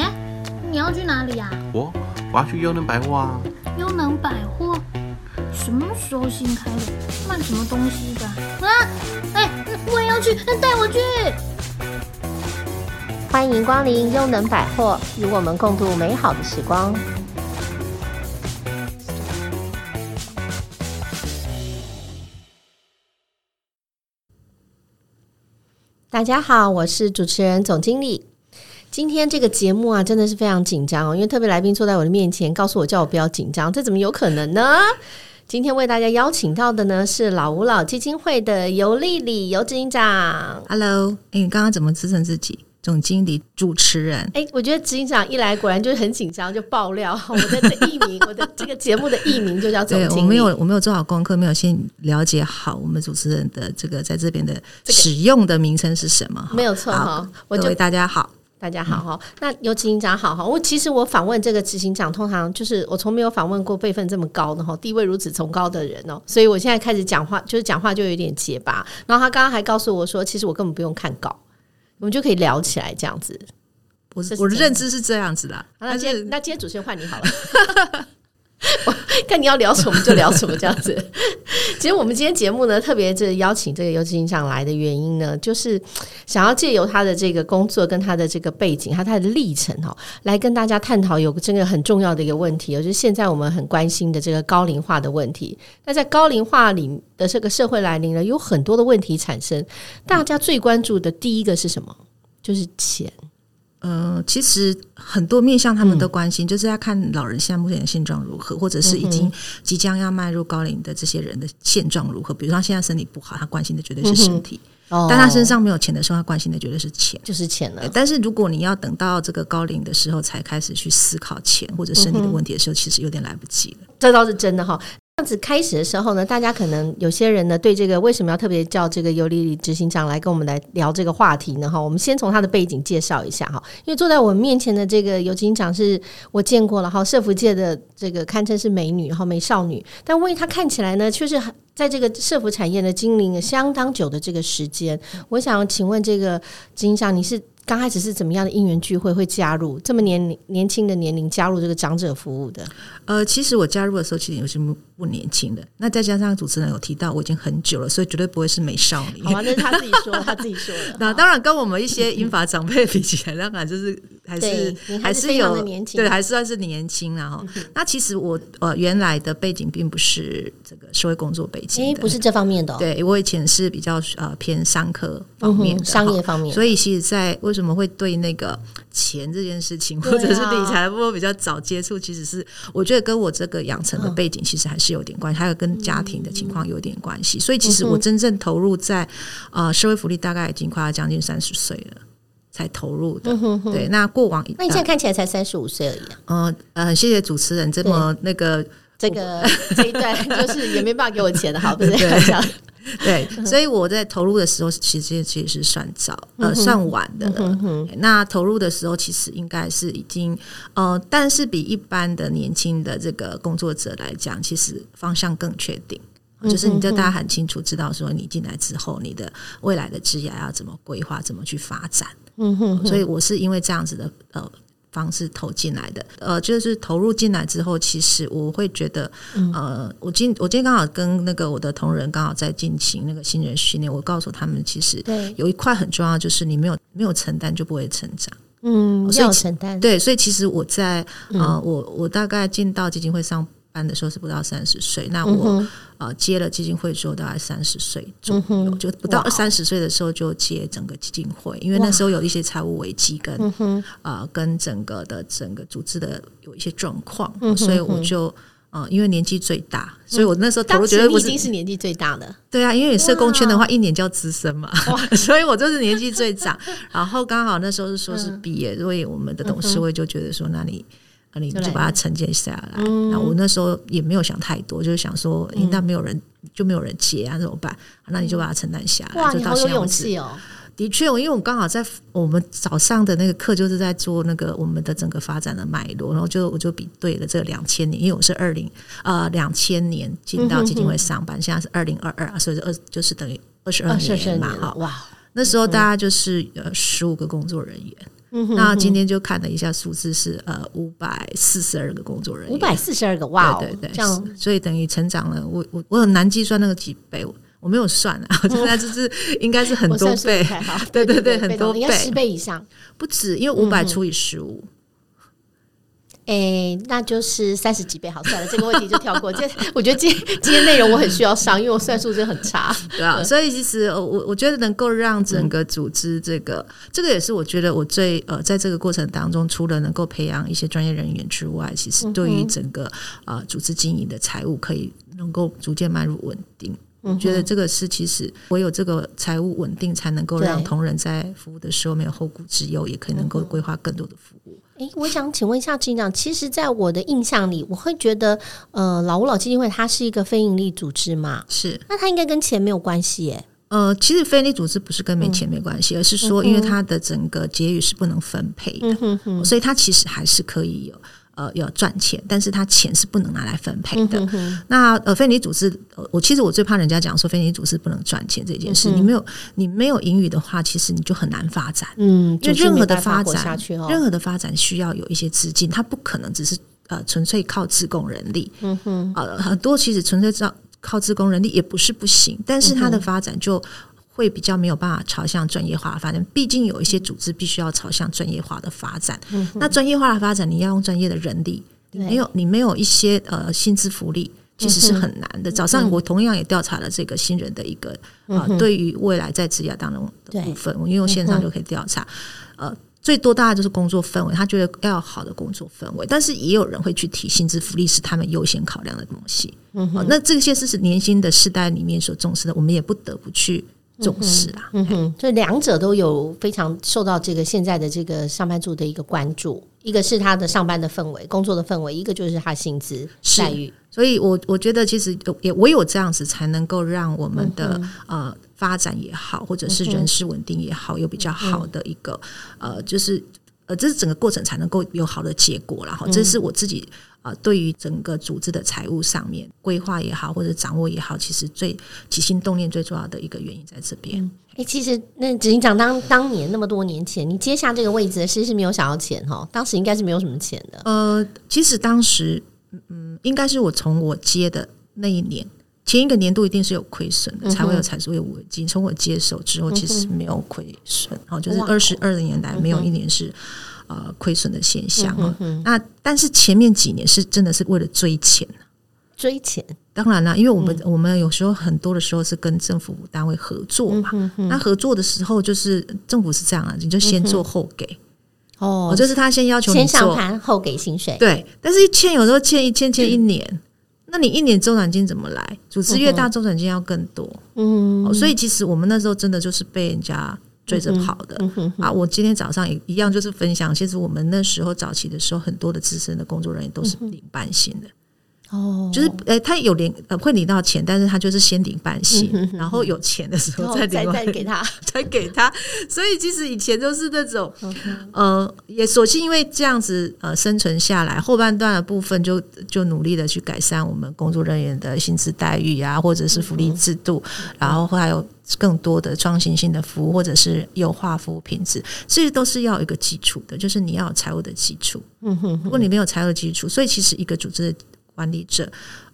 哎，你要去哪裡呀、啊？我我要去優能百貨啊！優能百貨什麼時候新開的？賣什麼東西的？啊！哎、欸，我也要去，那帶我去！歡迎光臨優能百貨，與我們共度美好的時光。大家好，我是主持人總經理。今天這個節目啊，真的是非常緊張哦，因為特別來賓坐在我的面前，告訴我叫我不要緊張，這怎麼有可能呢？今天為大家邀請到的呢，是老五老基金會的游麗裡游執行長，Hello，欸，你剛剛怎麼自稱自己總經理主持人？哎，欸，我覺得執行長一來果然就是很緊張， 就爆料我的這藝名， 我的這個節目的藝名就叫總經理。我沒有我沒有做好功課，沒有先了解好我們主持人的這個在這邊的使用的名稱是什麼，這個，好沒有錯哈。好我就各位大家好。大家好哈，嗯、那執行長好哈。我其實我訪問這個執行長，通常就是我從沒有訪問過輩分這麼高的哈，地位如此崇高的人哦、喔。所以我現在開始講話，就是講話就有點結巴。然後他剛剛還告訴我說，其實我根本不用看稿，我們就可以聊起來這樣子。不我是，我的認知是這樣子的。好是那今天那今天主持人換你好了。 看你要聊什麼就聊什麼這樣子。 其實我們今天節目呢，特別這邀請這個游執行長來的原因呢，就是想要借由他的這個工作跟他的這個背景，他他的歷程哈，來跟大家探討有個真的很重要的一個問題，就是現在我們很關心的這個高齡化的問題。那在高齡化裡的這個社會來臨呢，有很多的問題產生。大家最關注的第一個是什麼？就是錢。嗯、呃，其實很多面向他們都關心，嗯、就是要看老人現在目前的現狀如何，或者是已經即將要邁入高齡的這些人的現狀如何。比如說現在身體不好，他關心的絕對是身體；嗯哦、但他身上沒有錢的時候，他關心的絕對是錢，就是錢了。但是如果你要等到這個高齡的時候才開始去思考錢或者身體的問題的時候，嗯、哼其實有點來不及了。這倒是真的哈。這樣子開始的時候呢，大家可能有些人呢對這個，為什麼要特別叫這個游麗裡執行長來跟我們來聊這個話題呢？哈，我們先從她的背景介紹一下哈。因為坐在我面前的這個游執行長是我見過了哈，社福界的這個堪稱是美女哈，美少女。但為她看起來呢，卻是在這個社服產業的經營相當久的這個時間。我想請問這個執行長，你是？剛開始是怎麼樣的姻緣聚會會加入這麼年年輕的年齡加入這個長者服務的？呃，其實我加入的時候其實有什麼不年輕的？那再加上主持人有提到我已經很久了，所以絕對不會是美少女。好吧，那是他自己說， 他自己說的。那、嗯、好當然跟我們一些英法長輩比起來，當然、嗯、哼就是還是對還是有還是的年輕，對，還是算是年輕了哈。嗯、哼那其實我呃原來的背景並不是這個社會工作背景，因為、欸、不是這方面的、哦。對，我以前是比較呃偏商科。方面商業方面，所以其實，在為什麼會對那個錢這件事情，或者是理財，的部分比較早接觸，其實是我覺得跟我這個養成的背景其實還是有點關係，還有跟家庭的情況有點關係。所以其實我真正投入在啊，社會福利，大概已經快要將近三十歲了才投入的。對，那過往。那你現在看起來才三十五歲而已。嗯呃，很謝謝主持人這麼那個這個這一段，就是也沒辦法給我錢的，好，不是這樣。 對，所以我在投入的時候，其實其實是算早，嗯、哼呃，算晚的了。嗯嗯、那投入的時候，其實應該是已經呃，但是比一般的年輕的這個工作者來講，其實方向更確定，就是你這大家很清楚知道，說你進來之後，你的未來的職業要怎麼規劃，怎麼去發展、呃。所以我是因為這樣子的，呃。方式投進來的，呃，就是投入進來之後，其實我會覺得，嗯、呃，我今我今天剛好跟那個我的同仁剛好在進行那個新人訓練，我告訴他們，其實對，有一塊很重要，就是你沒有沒有承擔就不會成長，嗯，要承擔，對，所以其實我在呃，嗯、我我大概進到基金會上班的時候是不到三十歲，那我。嗯呃，接了基金會的時候大概三十歲左右，嗯、哼就不到三十歲的時候就接整個基金會，哇因為那時候有一些財務危機跟、嗯哼呃、跟整個的整個組織的有一些狀況，嗯嗯、所以我就、呃、因為年紀最大，嗯、所以我那時候投入時覺得已經是年紀最大的，對啊，因為你社工圈的話一年就要資深嘛，哇 所以我就是年紀最長，哇然後剛好那時候是碩士畢業，嗯、所以我們的董事會就覺得說那你。你就把它承接下來。那、嗯、我那時候也沒有想太多，就是想說，那、嗯、沒有人，就沒有人接啊，怎麼辦？那你就把它承擔下來。嗯、就到現在我。你好有勇氣哦！的確，因為我剛好在我們早上的那個課就是在做那個我們的整個發展的脈絡，然後就我就比對了這兩千年，因為我是二零呃兩千年進到基金會上班，嗯、哼哼現在是二零二二，所以二就，就是等於二十二年嘛。哇，那時候大家就是呃十五個工作人員。嗯嗯嗯哼嗯哼，那今天就看了一下數字，是呃五百四十二個工作人員，五百四十二個哇哦，對對對，這樣，是所以等於成長了，我我我很難計算那個幾倍，我沒有算啊，我現在就是應該是很多倍，倍對對對，對對對很多倍，你要十倍以上，不止，因為五百除以十五，嗯。哎、欸，那就是三十幾倍好，好算了。這個問題就跳過。這 我覺得今天，今這些內容我很需要上， 因為我算數真的很差，對啊，對所以其實我我覺得，能夠讓整個組織，這個、嗯、這個也是我覺得我最呃，在這個過程當中，除了能夠培養一些專業人員之外，其實對於整個啊、嗯哼呃、組織經營的財務，可以能夠逐漸邁入穩定。嗯、哼我覺得這個是，其實唯有這個財務穩定，才能夠讓同仁在服務的時候沒有後顧之憂，對也可以能夠規劃更多的服務。嗯我想請問一下，金長，其實在我的印象裡，我會覺得，呃，老五老基金會它是一個非盈利組織嘛？是，那它應該跟錢沒有關係耶，哎。呃，其實非盈利組織不是跟沒錢沒關係，嗯、而是說，因為它的整個結餘是不能分配的，嗯、哼哼所以它其實還是可以有。呃，要賺錢，但是他錢是不能拿來分配的。嗯、哼哼，那呃，非營利組織，我、呃、其實我最怕人家講說非營利組織不能賺錢這件事。嗯、哼你沒有你沒有盈餘的話，其實你就很難發展。嗯，就任何的發展，哦、任何的發展需要有一些資金，它不可能只是呃純粹靠志工人力。嗯哼、呃，很多其實純粹靠靠志工人力也不是不行，但是它的發展就。嗯會比較沒有辦法朝向專業化的發展，反正畢竟有一些組織必須要朝向專業化的發展。嗯、哼那專業化的發展，你要用專業的人力，對沒有你沒有一些呃薪資福利，其實是很難的。嗯、哼早上我同樣也調查了這個新人的一個啊、嗯哼呃，對於未來在職涯當中的部分，對我用我線上就可以調查。嗯、哼呃，最多大家就是工作氛圍，他覺得要好的工作氛圍，但是也有人會去提薪資福利是他們優先考量的東西。嗯哼呃、那這些是年輕的世代裡面所重視的，我們也不得不去。重視啊，嗯哼，這兩者都有非常受到這個現在的這個上班族的一個關注，一個是他的上班的氛圍、工作的氛圍，一個就是他薪資待遇。所以我，我我覺得其實也唯有這樣子才能夠讓我們的、嗯、哼呃發展也好，或者是人事穩定也好，嗯、哼有比較好的一個、嗯、哼呃就是。這是整個過程才能夠有好的結果然後，這是我自己啊，對於整個組織的財務上面規劃也好，或者掌握也好，其實最起心動念最重要的一個原因在這邊。嗯、誒其實那只你講當當年那麼多年前，你接下這個位置，其實是沒有想要錢哈，當時應該是沒有什麼錢的。呃，其實當時嗯，應該是我從我接的那一年。前一個年度一定是有虧損的，才會有財務有危機。從我接手之後，其實沒有虧損，哦，就是二十二年來沒有一年是呃虧損的現象啊。那但是前面幾年是真的是為了追錢，追錢。當然啦，因為我們我們有時候很多的時候是跟政府單位合作嘛，那合作的時候就是政府是這樣啊，你就先做後給哦，就是他先要求先上班後給薪水，對。但是，一欠有時候欠一欠，欠一年。那你一年週轉金怎麼來？組織越大，週轉金要更多。嗯，所以其實我們那時候真的就是被人家追着跑的。嗯哼嗯哼啊，我今天早上也一樣，就是分享。其實我們那時候早期的時候，很多的資深的工作人員都是領班型的。嗯哦，就是誒、欸，他有領呃會領到錢，但是他就是先領半薪，嗯、哼然後有錢的時候再、哦、再再給他，再給他。所以其實以前都是那種，Okay. 呃，也索性因為這樣子呃生存下來，後半段的部分就就努力的去改善我們工作人員的薪資待遇啊，或者是福利制度，嗯、哼然後還有更多的創新性的服務或者是優化服務品質，這些都是要一個基礎的，就是你要有財務的基礎。嗯哼，如果你沒有財務的基礎，所以其實一個組織的。管理者，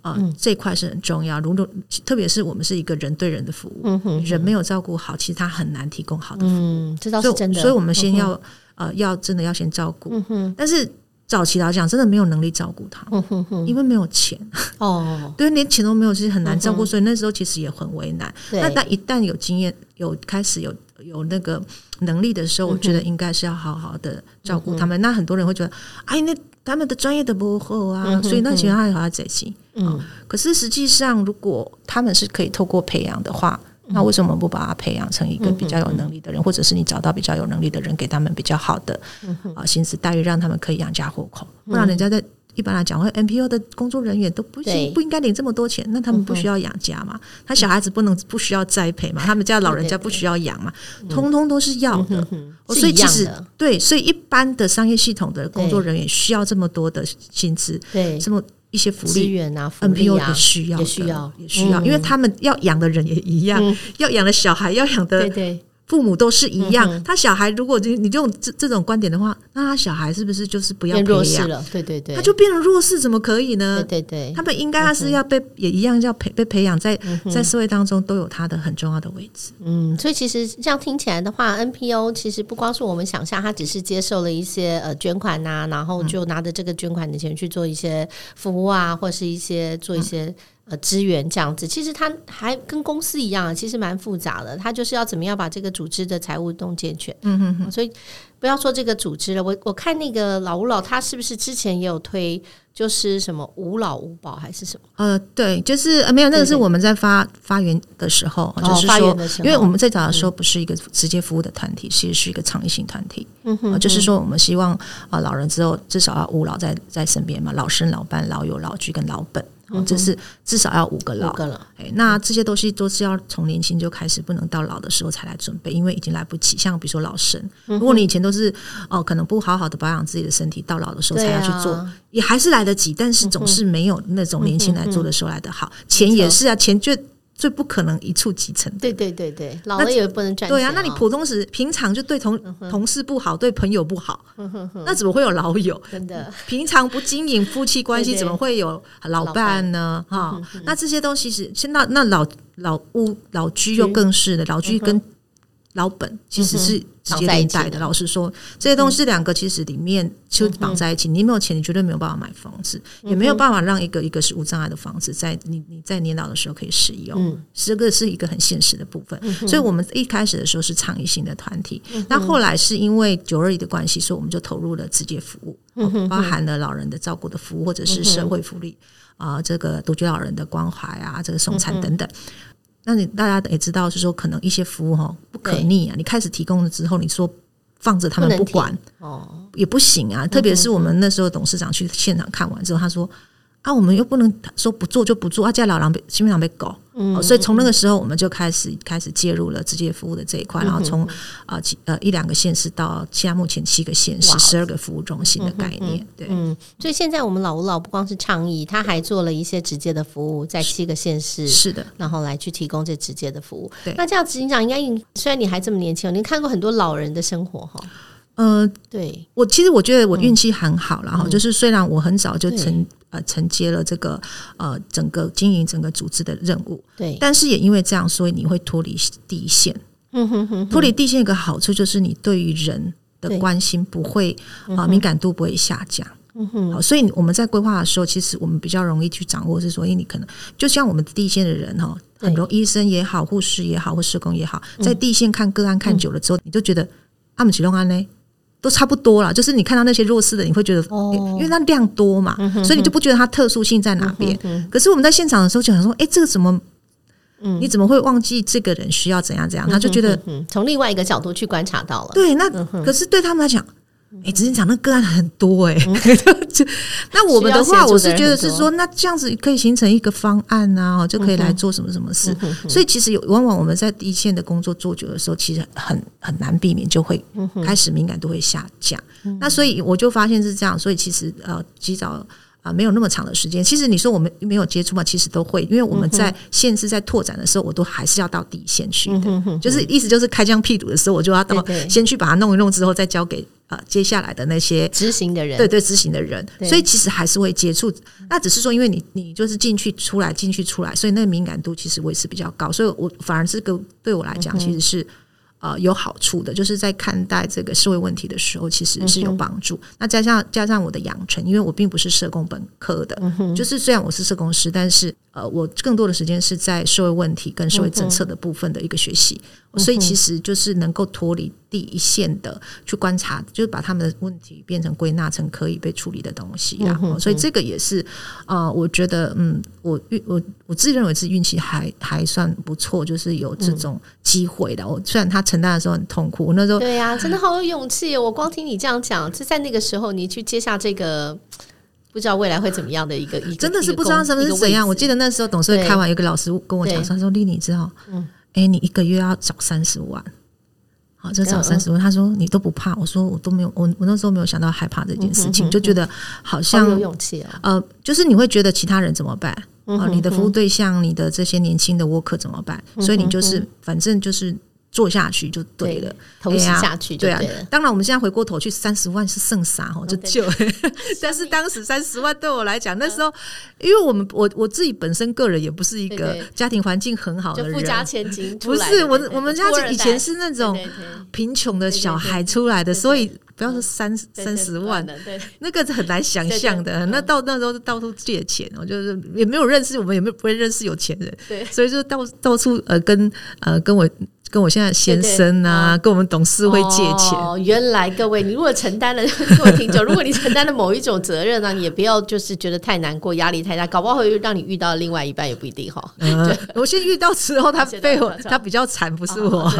啊、呃，嗯、這塊是很重要。如果特別是我們是一個人對人的服務，嗯、哼哼人沒有照顧好，其實他很難提供好的服務。嗯，這倒是真的。所以，所以我們先要，嗯、哼呃，要真的要先照顧。嗯哼但是早期來講，真的沒有能力照顧他，嗯哼哼因為沒有錢。哦， 對，連錢都沒有，其實很難照顧。嗯、哼所以那時候其實也很為難。對那但一旦有經驗，有開始有有那個。能力的時候，我覺得應該是要好好的照顧他們。嗯、哼那很多人會覺得，哎，那他們的專業度不夠啊，嗯、哼所以那喜歡愛好在一嗯、哦，可是實際上，如果他們是可以透過培養的話，嗯、哼那為什麼不把他培養成一個比較有能力的人，嗯嗯或者是你找到比較有能力的人給他們比較好的、嗯、哼啊薪資待遇，讓他們可以養家糊口？不然人家在。嗯一般來講，會 NPO 的工作人員都不應不應該領這麼多錢？那他們不需要養家嘛？他小孩子不能不需要栽培嘛？他們家老人家不需要養嘛？通通都是要的，所以其實對，所以一般的商業系統的工作人員需要這麼多的薪資，對，什麼一些福利 NPO 的需要，需要，需要，因為他們要養的人也一樣，要養的小孩，要養的對。父母都是一樣，嗯、哼他小孩如果你你這這種觀點的話，那他小孩是不是就是不要變弱勢了？對對對，他就變成弱勢，怎麼可以呢？對，對對，他們應該他是要被 Okay. 也一樣要培被，被培養在、嗯、哼在社會當中都有他的很重要的位置。嗯，所以其實這樣聽起來的話，NPO 其實不光是我們想象，他只是接受了一些呃捐款啊，然後就拿着這個捐款的錢去做一些服務啊，或者是一些做一些、啊。呃，資源這樣子，其實他還跟公司一樣、啊，其實蠻複雜的。他就是要怎麼樣把這個組織的財務都健全。嗯嗯嗯、啊。所以不要說這個組織了，我我看那個老五老，他是不是之前也有推，就是什麼五老五保還是什麼？呃，對，就是呃沒有，對對對，那個是我們在發發源的時候，就是說，因為我們在早的時候不是一個直接服務的團體，嗯、其實是一個倡議性團體。嗯哼、哼。就是說，我們希望啊、呃，老人之後至少要五老在在身邊嘛，老生老伴、老友、老居跟老本。這是至少要五個老，五個老哎，那這些東西都是要從年輕就開始，不能到老的時候才來準備，因為已經來不及。像比如說老身，嗯、哼如果你以前都是哦，可能不好好的保養自己的身體，到老的時候才要去做，嗯、哼也還是來得及，但是總是沒有那種年輕來做的時候來得好。錢、嗯嗯、也是啊，錢就。最不可能一蹴即成的。對對對對，老也不能賺。對啊，那你普通時平常就對同、嗯、哼同事不好，對朋友不好，嗯、哼哼那怎麼會有老友？真的，平常不經營夫妻關係， 對對怎麼會有老伴呢？哈，那這些東西是，那那老老屋老居又更是的、嗯嗯、哼老居跟。老本其實是直接連帶的。嗯、的老實說，這些東西兩個其實裡面就綁在一起。嗯、哼你沒有錢，你絕對沒有辦法買房子，嗯、哼也沒有辦法讓一個一個是無障礙的房子，在你你在年老的時候可以使用。嗯、這個是一個很現實的部分。嗯、哼所以我們一開始的時候是倡議性的團體，嗯、哼那後來是因為九二一的關係，所以我們就投入了直接服務，嗯、哼包含了老人的照顧的服務，或者是社會福利啊、嗯哼呃，這個獨居老人的關懷啊，這個送餐等等。嗯那你大家也知道，就是說可能一些服務哈不可逆啊。你開始提供了之後，你說放着他們不管哦，也不行啊。特別是我們那時候董事長去現場看完之後，他說。啊，我們又不能說不做就不做啊！這樣老狼基本上被狗，所以從那個時候我們就開始開始介入了直接服務的這一塊。嗯、哼然後從啊，呃一兩、呃、個縣市到現在目前七個縣市，十二哇個服務中心的概念。嗯嗯對，嗯對，所以現在我們老五老不光是倡議，他還做了一些直接的服務，在七個縣市是的，然後來去提供這直接的服務。對，那這樣子，執行長應該，雖然你還這麼年輕，哦，你看過很多老人的生活哈、哦。呃，對我其實我覺得我運氣很好啦，然後、嗯、就是雖然我很早就承對呃承接了這個呃整個經營整個組織的任務，對，但是也因為這樣，所以你會脫離地線。嗯嗯、脫離地線一個好處就是你對於人的關心不會啊、嗯呃、敏感度不會下降。嗯哼，好，所以我們在規劃的時候，其實我們比較容易去掌握是說，是因為你可能就像我們地線的人哈，很多醫生也好，護士也好，或社工也好，在地線看個案看久了之後，嗯、你就覺得阿姆啟動案呢。啊都差不多了，就是你看到那些弱勢的，你會覺得，哦欸，因為它量多嘛，嗯、哼哼所以你就不覺得它特殊性在哪邊。嗯、哼哼可是我們在現場的時候就想說，哎、欸，這個怎麼，嗯、你怎麼會忘記這個人需要怎樣怎樣？他就覺得從、嗯、另外一個角度去觀察到了。對，那可是對他們來講。嗯哼嗯哎，只是講那個案很多哎、欸，嗯、 就那我們的話，的我是覺得是說，那這樣子可以形成一個方案啊，就可以來做什麼什麼事。嗯、哼所以其實有往往我們在第一線的工作做久的時候，其實很很難避免，就會開始敏感度會下降。嗯、哼那所以我就發現是這樣，所以其實呃，及早啊、呃，沒有那麼長的時間。其實你說我們沒有接觸嘛，其實都會，因為我們在限制，在拓展的時候，我都還是要到底線去的，嗯、哼就是意思就是開疆闢土的時候，我就要到先去把它弄一弄，之後再交給。呃，接下來的那些執行的人，對對，執行的人，對所以其實還是會接觸，那只是說，因為你你就是進去出來，進去出來，所以那敏感度其實維持比較高，所以我反而這個對我來講其實是。Okay. 呃，有好處的，就是在看待這個社會問題的時候，其實是有幫助。嗯、哼那加上加上我的養成，因為我並不是社工本科的，嗯、哼就是雖然我是社工師，但是呃，我更多的時間是在社會問題跟社會政策的部分的一個學習，嗯、哼所以其實就是能夠脫離第一線的去觀察，就是把他們的問題變成歸納成可以被處理的東西啊。嗯嗯所以這個也是呃，我覺得嗯，我運我我自認為是運氣還還算不錯，就是有這種機會的。嗯、我雖然他。承擔的時候很痛苦，那時候對呀，真的好有勇氣。我光聽你這樣講，就在那個時候，你去接下這個，不知道未來會怎麼樣的一個，真的是不知道什麼是怎樣。我記得那時候董事會開完，有個老師跟我講，他說：“麗麗，你知道？嗯，哎，你一個月要找三十萬，好，就找三十萬。他說你都不怕，我說我都沒有，我我那時候沒有想到害怕這件事情，就覺得好像有勇氣啊。呃，就是你會覺得其他人怎麼辦？啊，你的服務對象，你的這些年輕的 worker 怎麼辦？所以你就是，反正就是。做下去就對了，投資下去對啊。當然，我們現在回過頭去，三十萬是剩啥？吼，就就。但是當時三十萬對我來講，那時候，因為我們我我自己本身個人也不是一個家庭環境很好的人，富家千金不是我我們家以前是那種貧窮的小孩出來的，所以不要說三三十萬，那個是很難想象的。那到那時候到處借錢，我就是也沒有認識，我們也沒有不會認識有錢人，對，所以就到到處呃跟呃跟我。跟我現在先生啊，跟我們董事會借錢。哦，原來各位，你如果承擔了，各位聽眾，如果你承擔了某一種責任呢，也不要就是覺得太難過、壓力太大，搞不好會讓你遇到另外一半也不一定哈。我先遇到之後，他被我，他比較慘，不是我。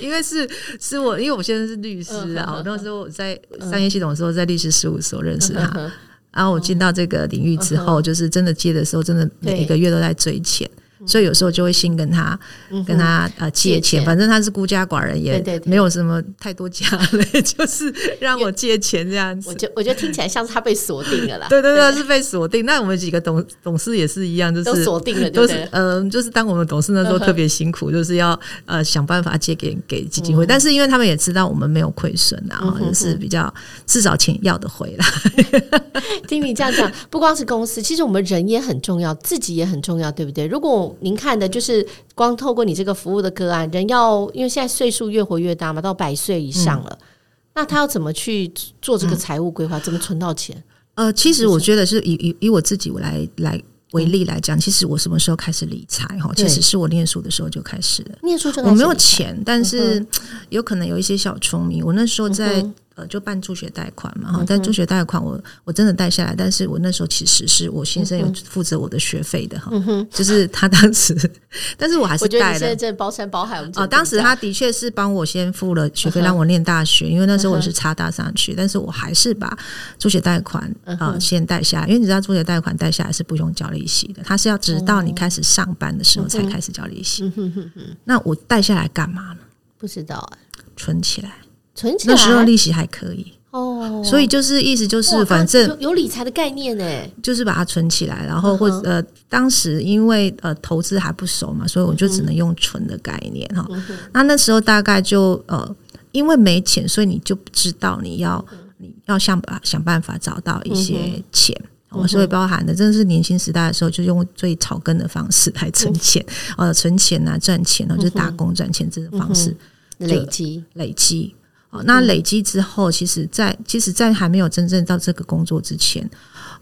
因為是是我，因為我現在是律師啊。我那時候在商業系統的時候，在律師事務所認識他，然後我進到這個領域之後，就是真的借的時候，真的每一個月都在追錢。所以有時候就會先跟他，跟他呃借錢，反正他是孤家寡人，也沒有什麼太多家了，就是讓我借錢這樣子。我覺我覺得聽起來像是他被鎖定了啦。對對對，是被鎖定。那我們幾個董董事也是一樣，就是都鎖定了，就是嗯，就是當我們董事那時候特別辛苦，就是要呃想辦法借給給基金會，但是因為他們也知道我們沒有虧損啊，就是比較至少錢要得回來。聽你這樣講，不光是公司，其實我們人也很重要，自己也很重要，對不對？如果。您看的，就是光透過你這個服務的個案，人要因為現在歲數越活越大嘛，到百歲以上了，嗯、那他要怎麼去做這個財務規劃，嗯、怎麼存到錢？呃，其實我覺得是以以以我自己來來為例來講，嗯、其實我什麼時候開始理財哈？其實是我念書的時候就開始了，念書真的我沒有錢，但是有可能有一些小聰明。嗯、哼我那時候在。呃，就辦助學貸款嘛哈，嗯、哼但助學貸款我我真的貸下來，但是我那時候其實是我先生有負責我的學費的哈，嗯、哼就是他當時，嗯、哼 但是我還是貸了。我現在包山包海，我們、呃、當時他的確是幫我先付了學費，讓我念大學，嗯、哼因為那時候我是插大上去，嗯、哼但是我還是把助學貸款啊、嗯哼呃、先貸下來。因為你知道助學貸款貸下來是不用交利息的，他是要直到你開始上班的時候才開始交利息。嗯、哼那我貸下來幹嘛呢？不知道啊，存起來。存起來，那時候利息還可以哦，所以就是意思就是反正有理財的概念哎，就是把它存起來，然後或者呃當時因為呃投資還不熟嘛，所以我就只能用存的概念哈。那那時候大概就呃因為沒錢，所以你就不知道你要你要想想辦法找到一些錢，我們是會包含的。真的是年輕時代的時候，就用最草根的方式來存錢，呃，存錢啊，賺錢啊，啊啊，就是打工賺錢這種方式累積累積。那累積之後，嗯、其實在，在其實，在還沒有真正到這個工作之前，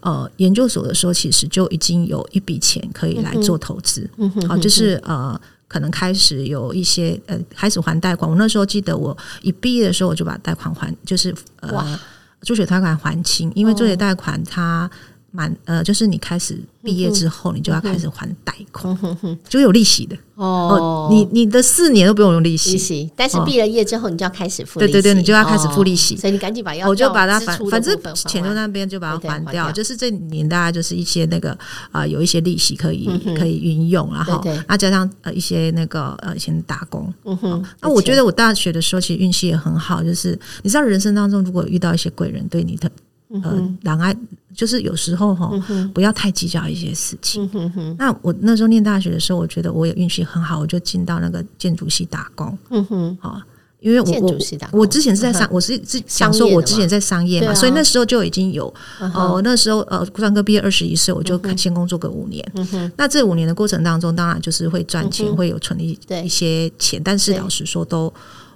呃，研究所的時候，其實就已經有一筆錢可以來做投資、嗯。嗯哼，好、呃，就是呃，可能開始有一些呃，開始還貸款。我那時候記得，我一畢業的時候，我就把貸款還，就是呃，哇助學貸款還清，因為助學貸款它。滿呃，就是你開始畢業之後，嗯、哼你就要開始還貸款，嗯嗯嗯、就有利息的哦。你你的四年都不用用利息，利息但是畢了業之後，你就要開始付對對對，你就要開始付利息，所以你趕緊把要我就把它反反正錢就那邊就把它還掉，對對對還掉就是這年大家就是一些那個啊、呃，有一些利息可以、嗯、哼可以運用，然後啊加上呃一些那個呃以前打工。嗯哼、哦，那我覺得我大學的時候其實運氣也很好，就是你知道人生當中如果遇到一些貴人對你的。嗯，然後就是有時候吼不要太計較一些事情。那我那時候念大學的時候，我覺得我也運氣很好，我就進到那個建築系打工。嗯哼，因為我建築系打我之前是在商，我是想說，我之前在商業嘛，所以那時候就已經有。哦，那時候呃，專科畢業二十一歲，我就先工作個五年。嗯，那這五年的過程當中，當然就是會賺錢，會有存一一些錢，但是老實說都。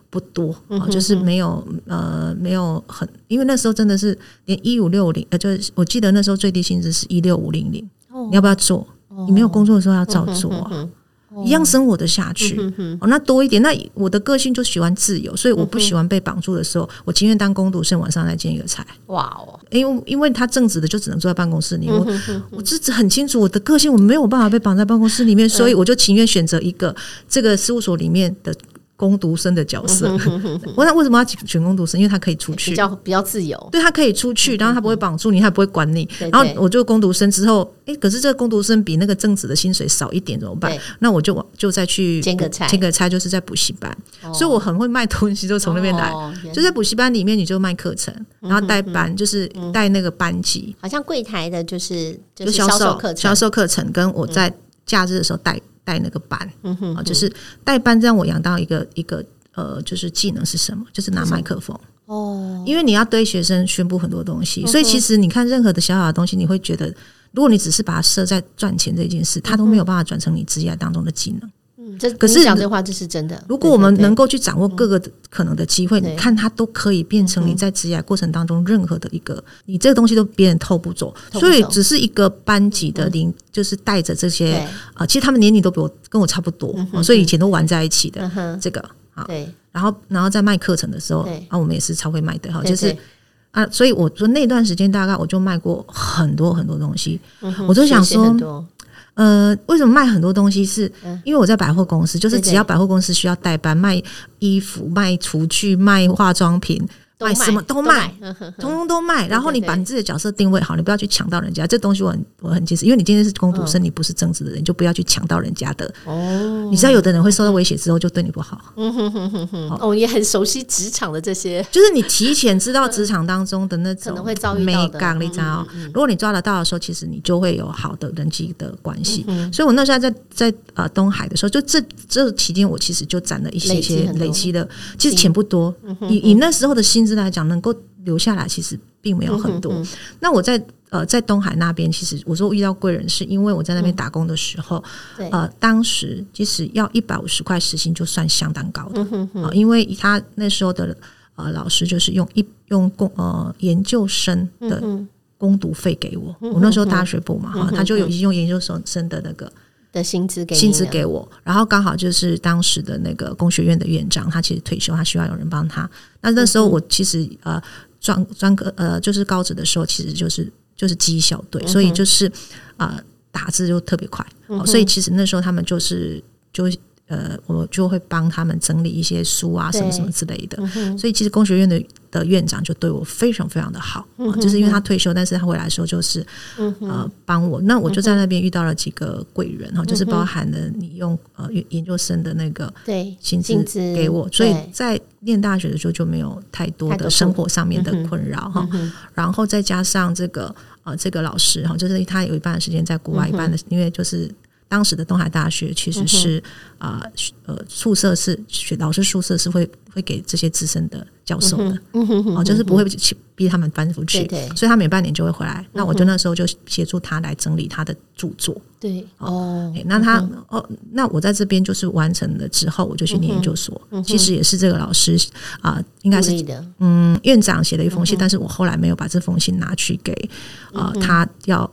不多就是沒有、嗯、哼哼呃，沒有很，因為那時候真的是連一五六零，呃，就是我記得那時候最低薪資是一六五零零，你要不要做？哦、你沒有工作的時候要照做啊，嗯哼哼哦、一樣生活得下去、嗯哼哼哦。那多一點，那我的個性就喜歡自由，所以我不喜歡被綁住的時候，嗯、哼我情願當工讀生，晚上來兼一個差。哇哦，因為因為他正職的，就只能坐在辦公室裡，我、嗯、哼哼我自己很清楚我的個性，我沒有辦法被綁在辦公室裡面，所以我就情願選擇一個這個事務所裡面的工讀生的角色，我想為什麼要請全工讀生？因為他可以出去，比較比較自由。對，他可以出去，然後他不會綁住你，他不會管你。然後我就工讀生之後，誒，可是這個工讀生比那個正職的薪水少一點，怎麼辦？那我就就再去兼個差，兼個差就是在補習班，所以我很會賣東西，就從那邊來，就在補習班裡面你就賣課程，然後帶班就是帶那個班級。好像櫃檯的就是就銷售課程，銷售課程跟我在假日的時候帶。帶那個班，就是帶班。這樣我養到一個一個呃，就是技能是什麼？就是拿麥克風哦，因為你要對學生宣布很多東西，所以其實你看任何的小小的東西，你會覺得，如果你只是把它設在賺錢這件事，它都沒有辦法轉成你職業當中的技能。這可是講真話，這是真的。如果我們能夠去掌握各個可能的機會，你看它都可以變成你在職業過程當中任何的一個，你這個東西都別人偷不走。所以，只是一個班級的零，就是帶着這些啊，其實他們年齡都比我跟我差不多，所以以前都玩在一起的。這個啊，對。然後，然後在賣課程的時候，那我們也是超會賣的，哈，就是啊，所以我說那段時間大概我就賣過很多很多東西，我就想說。呃，為什麼賣很多東西？是因為我在百貨公司，嗯，就是只要百貨公司需要代班，對對，賣衣服、賣廚具、賣化妝品。賣什麼都賣，通通都賣。然後你把你自己的角色定位好，你不要去搶到人家這東西。我很我很堅持，因為你今天是工讀生，你不是正職的人，就不要去搶到人家的。哦，你知道有的人會受到威脅之後就對你不好。嗯哼哼哼哼。哦，也很熟悉職場的這些，就是你提前知道職場當中的那種眉角，你知道哦。如果你抓得到的時候，其實你就會有好的人際的關係。所以我那時候在在呃東海的時候，就這這期間我其實就攢了一些些累積的，其實錢不多。以以那時候的薪是來講能夠留下來，其實並沒有很多。嗯嗯，那我在呃在東海那邊，其實我說我遇到貴人，是因為我在那邊打工的時候，嗯、呃，當時其實要一百五十塊時薪就算相當高的啊，嗯呃，因為他那時候的呃老師就是用一用工呃研究生的工讀費給我，嗯哼嗯哼，我那時候大學部嘛哈，嗯、哼哼，他就有已經用研究所生的那個。的薪資給薪資給我，然後剛好就是當時的那個工學院的院長，他其實退休，他需要有人幫他。那那時候我其實、嗯、哼呃專專科呃就是高職的時候，其實就是就是機小隊，嗯、哼所以就是啊、呃、打字就特別快，嗯、哼所以其實那時候他們就是就。呃，我就會幫他們整理一些書啊，什麼對什麼之類的。嗯、哼所以其實工學院的的院長就對我非常非常的好、嗯哼啊，就是因為他退休，但是他回來說就是、嗯、哼呃幫我。那我就在那邊遇到了幾個貴人哈，就是包含了你用呃研究生的那個薪資，對薪資給我，所以在念大學的時候就沒有太多的生活上面的困擾哈。嗯、然後再加上這個呃，這個老師，哈、啊，就是他有一半的時間在國外，嗯、哼一半的因為就是。當時的東海大學其實是啊呃宿舍是學老師宿舍是會會給這些資深的教授的，哦就是不會去逼他們搬出去，所以他每半年就會回來。那我就那時候就協助他來整理他的著作。對哦，那他哦那我在這邊就是完成了之後，我就去念研究所。其實也是這個老師啊，應該是嗯院長寫了一封信，但是我後來沒有把這封信拿去給啊他要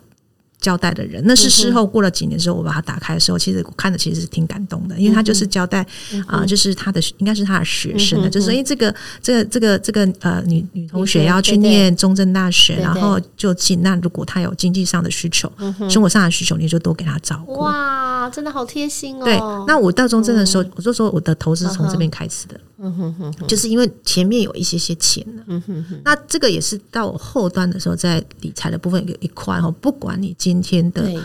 交代的人，那是事後過了幾年之後，我把它打開的時候，嗯、哼其實我看的其實是挺感動的，因為他就是交代啊，就是他的應該是他的學生的，嗯、哼就是因為這個這個這個這個呃女女同學要去念中正大學，對對對，然後就盡那如果他有經濟上的需求，嗯、哼生活上的需求，你就多給他照顧。哇，真的好貼心哦！對，那我到中正的時候，嗯、我就說我的投資是從這邊開始的。就是因為前面有一些些錢了、啊。嗯、哼哼那這個也是到後端的時候，在理財的部分有一塊哦，不管你今天的啊對、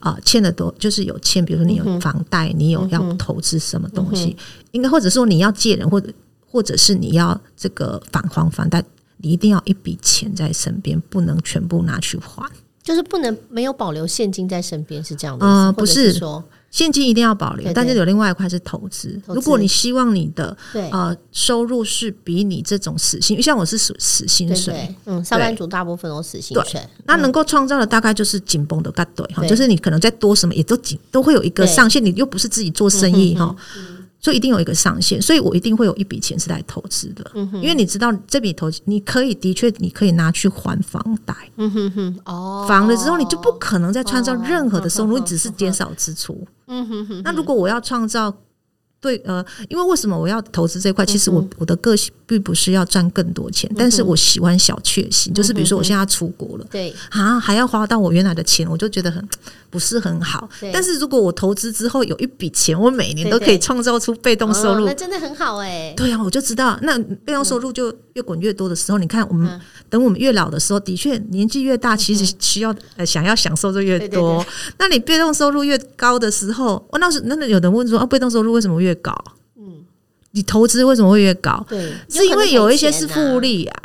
呃、欠的多，就是有欠，比如說你有房貸，嗯、哼你有要投資什麼東西，嗯、哼應該或者說你要借人，或者或者是你要這個返還房貸，你一定要一筆錢在身邊，不能全部拿去還，就是不能沒有保留現金在身邊是這樣的。呃、嗯嗯，不是說。現金一定要保留，但是有另外一塊是投資。如果你希望你的呃收入是比你這種死薪，像我是死死薪水，嗯，上班族大部分都死薪水。那能夠創造的大概就是緊繃的大懟哈，就是你可能再多什麼也都緊都會有一個上限，你又不是自己做生意哈。所以一定有一個上限，所以我一定會有一筆錢是來投資的，嗯、哼因為你知道這筆投資，你可以的確你可以拿去還房貸，哦、嗯，oh, 房了之後，你就不可能再創造任何的收入，你、oh, okay, okay, okay. 只是減少支出，嗯、哼哼哼那如果我要創造？對，呃，因為為什麼我要投資這塊？其實我我的個性並不是要賺更多錢，但是我喜歡小確幸，就是比如說我現在要出國了，對啊，還要花到我原來的錢，我就覺得很不是很好。但是如果我投資之後有一筆錢，我每年都可以創造出被動收入，那真的很好哎。對啊，我就知道，那被動收入就越滾越多的時候，你看我們等我們越老的時候，的確年紀越大，其實需要呃想要享受就越多。那你被動收入越高的時候，我那是那有人問說啊，被動收入為什麼越？越高，嗯，你投資為什麼會越高？對，啊、是因為有一些是複利啊。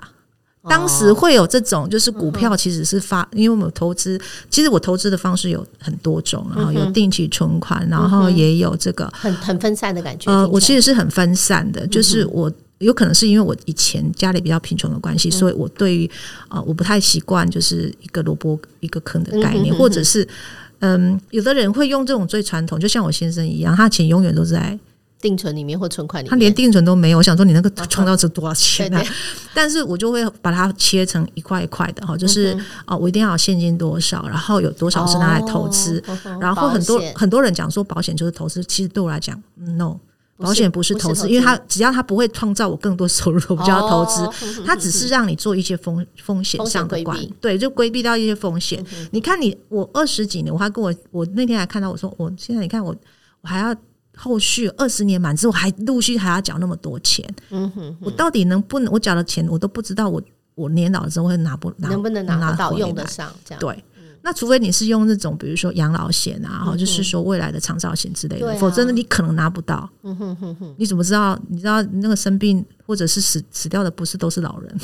當時會有這種，就是股票其實是發，嗯、因為我們有投資，其實我投資的方式有很多種，然後有定期存款，然後也有這個，嗯、很很分散的感覺。呃，我其實是很分散的，就是我有可能是因為我以前家裡比較貧窮的關係，嗯、所以我對於啊、呃，我不太習慣就是一個蘿蔔一個坑的概念，嗯、哼哼哼或者是嗯、呃，有的人會用這種最傳統，就像我先生一樣，他錢永遠都在。定存裡面或存款裡面，他連定存都沒有。我想說，你那個創造值多少錢呢、啊？啊、對對但是我就會把它切成一塊一塊的哈，就是啊、嗯哼呃，我一定要有現金多少，然後有多少是拿來投資。哦哦哦、然後很多很多人講說，保險就是投資。其實對我來講，no，、嗯、是保險不是投資，投資因為它只要它不會創造我更多收入，我就要投資。哦、它只是讓你做一些風風險上的管理，對，就規避到一些風險。嗯、哼你看你，你我二十幾年，我還跟我我那天還看到我說，我現在你看我我還要。後續二十年滿之後，還陸續還要繳那麼多錢。嗯哼哼，我到底能不能我繳的錢，我都不知道我，我我年老的時候會拿不拿，能不能拿得到，用得上？這樣對。那除非你是用那種，比如說養老險啊，然後就是說未來的長照險之類的，否則呢你可能拿不到。你怎麼知道？你知道那個生病或者是死死掉的，不是都是老人？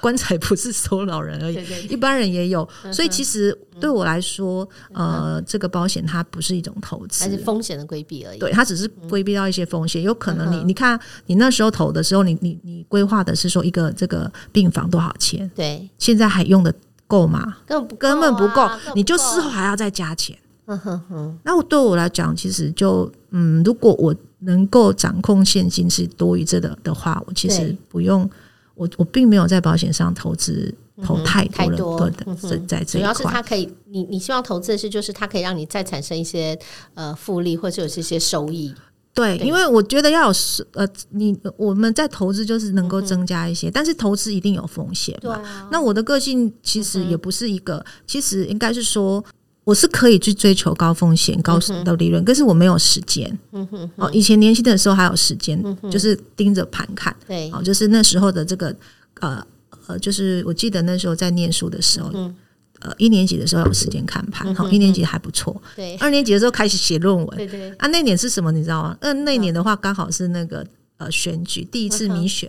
棺材不是說老人而已，一般人也有。所以其實對我來說，呃，這個保險它不是一種投資，還是風險的規避而已。對，它只是規避到一些風險。有可能你你看你那時候投的時候，你你你規劃的是說一個這個病房多少錢？對，現在還用的。夠嗎？根根本不夠、啊，不不你就事後還要再加錢。嗯哼哼。那我對我來講，其實就嗯，如果我能夠掌控現金是多於這個的話，我其實不用。對我我並沒有在保險上投資投太多了。嗯、多的在這一塊、嗯。主要是它可以，你你希望投資的是就是它可以讓你再產生一些呃複利，或者有一些收益。對，對，因為我覺得要有呃，你我們在投資就是能夠增加一些，嗯、哼但是投資一定有風險嘛。對啊、那我的個性其實也不是一個，嗯、哼其實應該是說我是可以去追求高風險、嗯、哼高的利潤，可是我沒有時間。嗯哼，哦，以前年輕的時候還有時間，就是盯着盤看。嗯、對、哦，就是那時候的這個呃呃，就是我記得那時候在念書的時候。嗯呃，一年級的時候有時間看盤，哈、嗯嗯，一年級還不錯。對，二年級的時候開始寫論文。對，對對。啊，那年是什麼你知道嗎？嗯、呃，那年的話剛好是那個呃選舉，第一次民選。誒，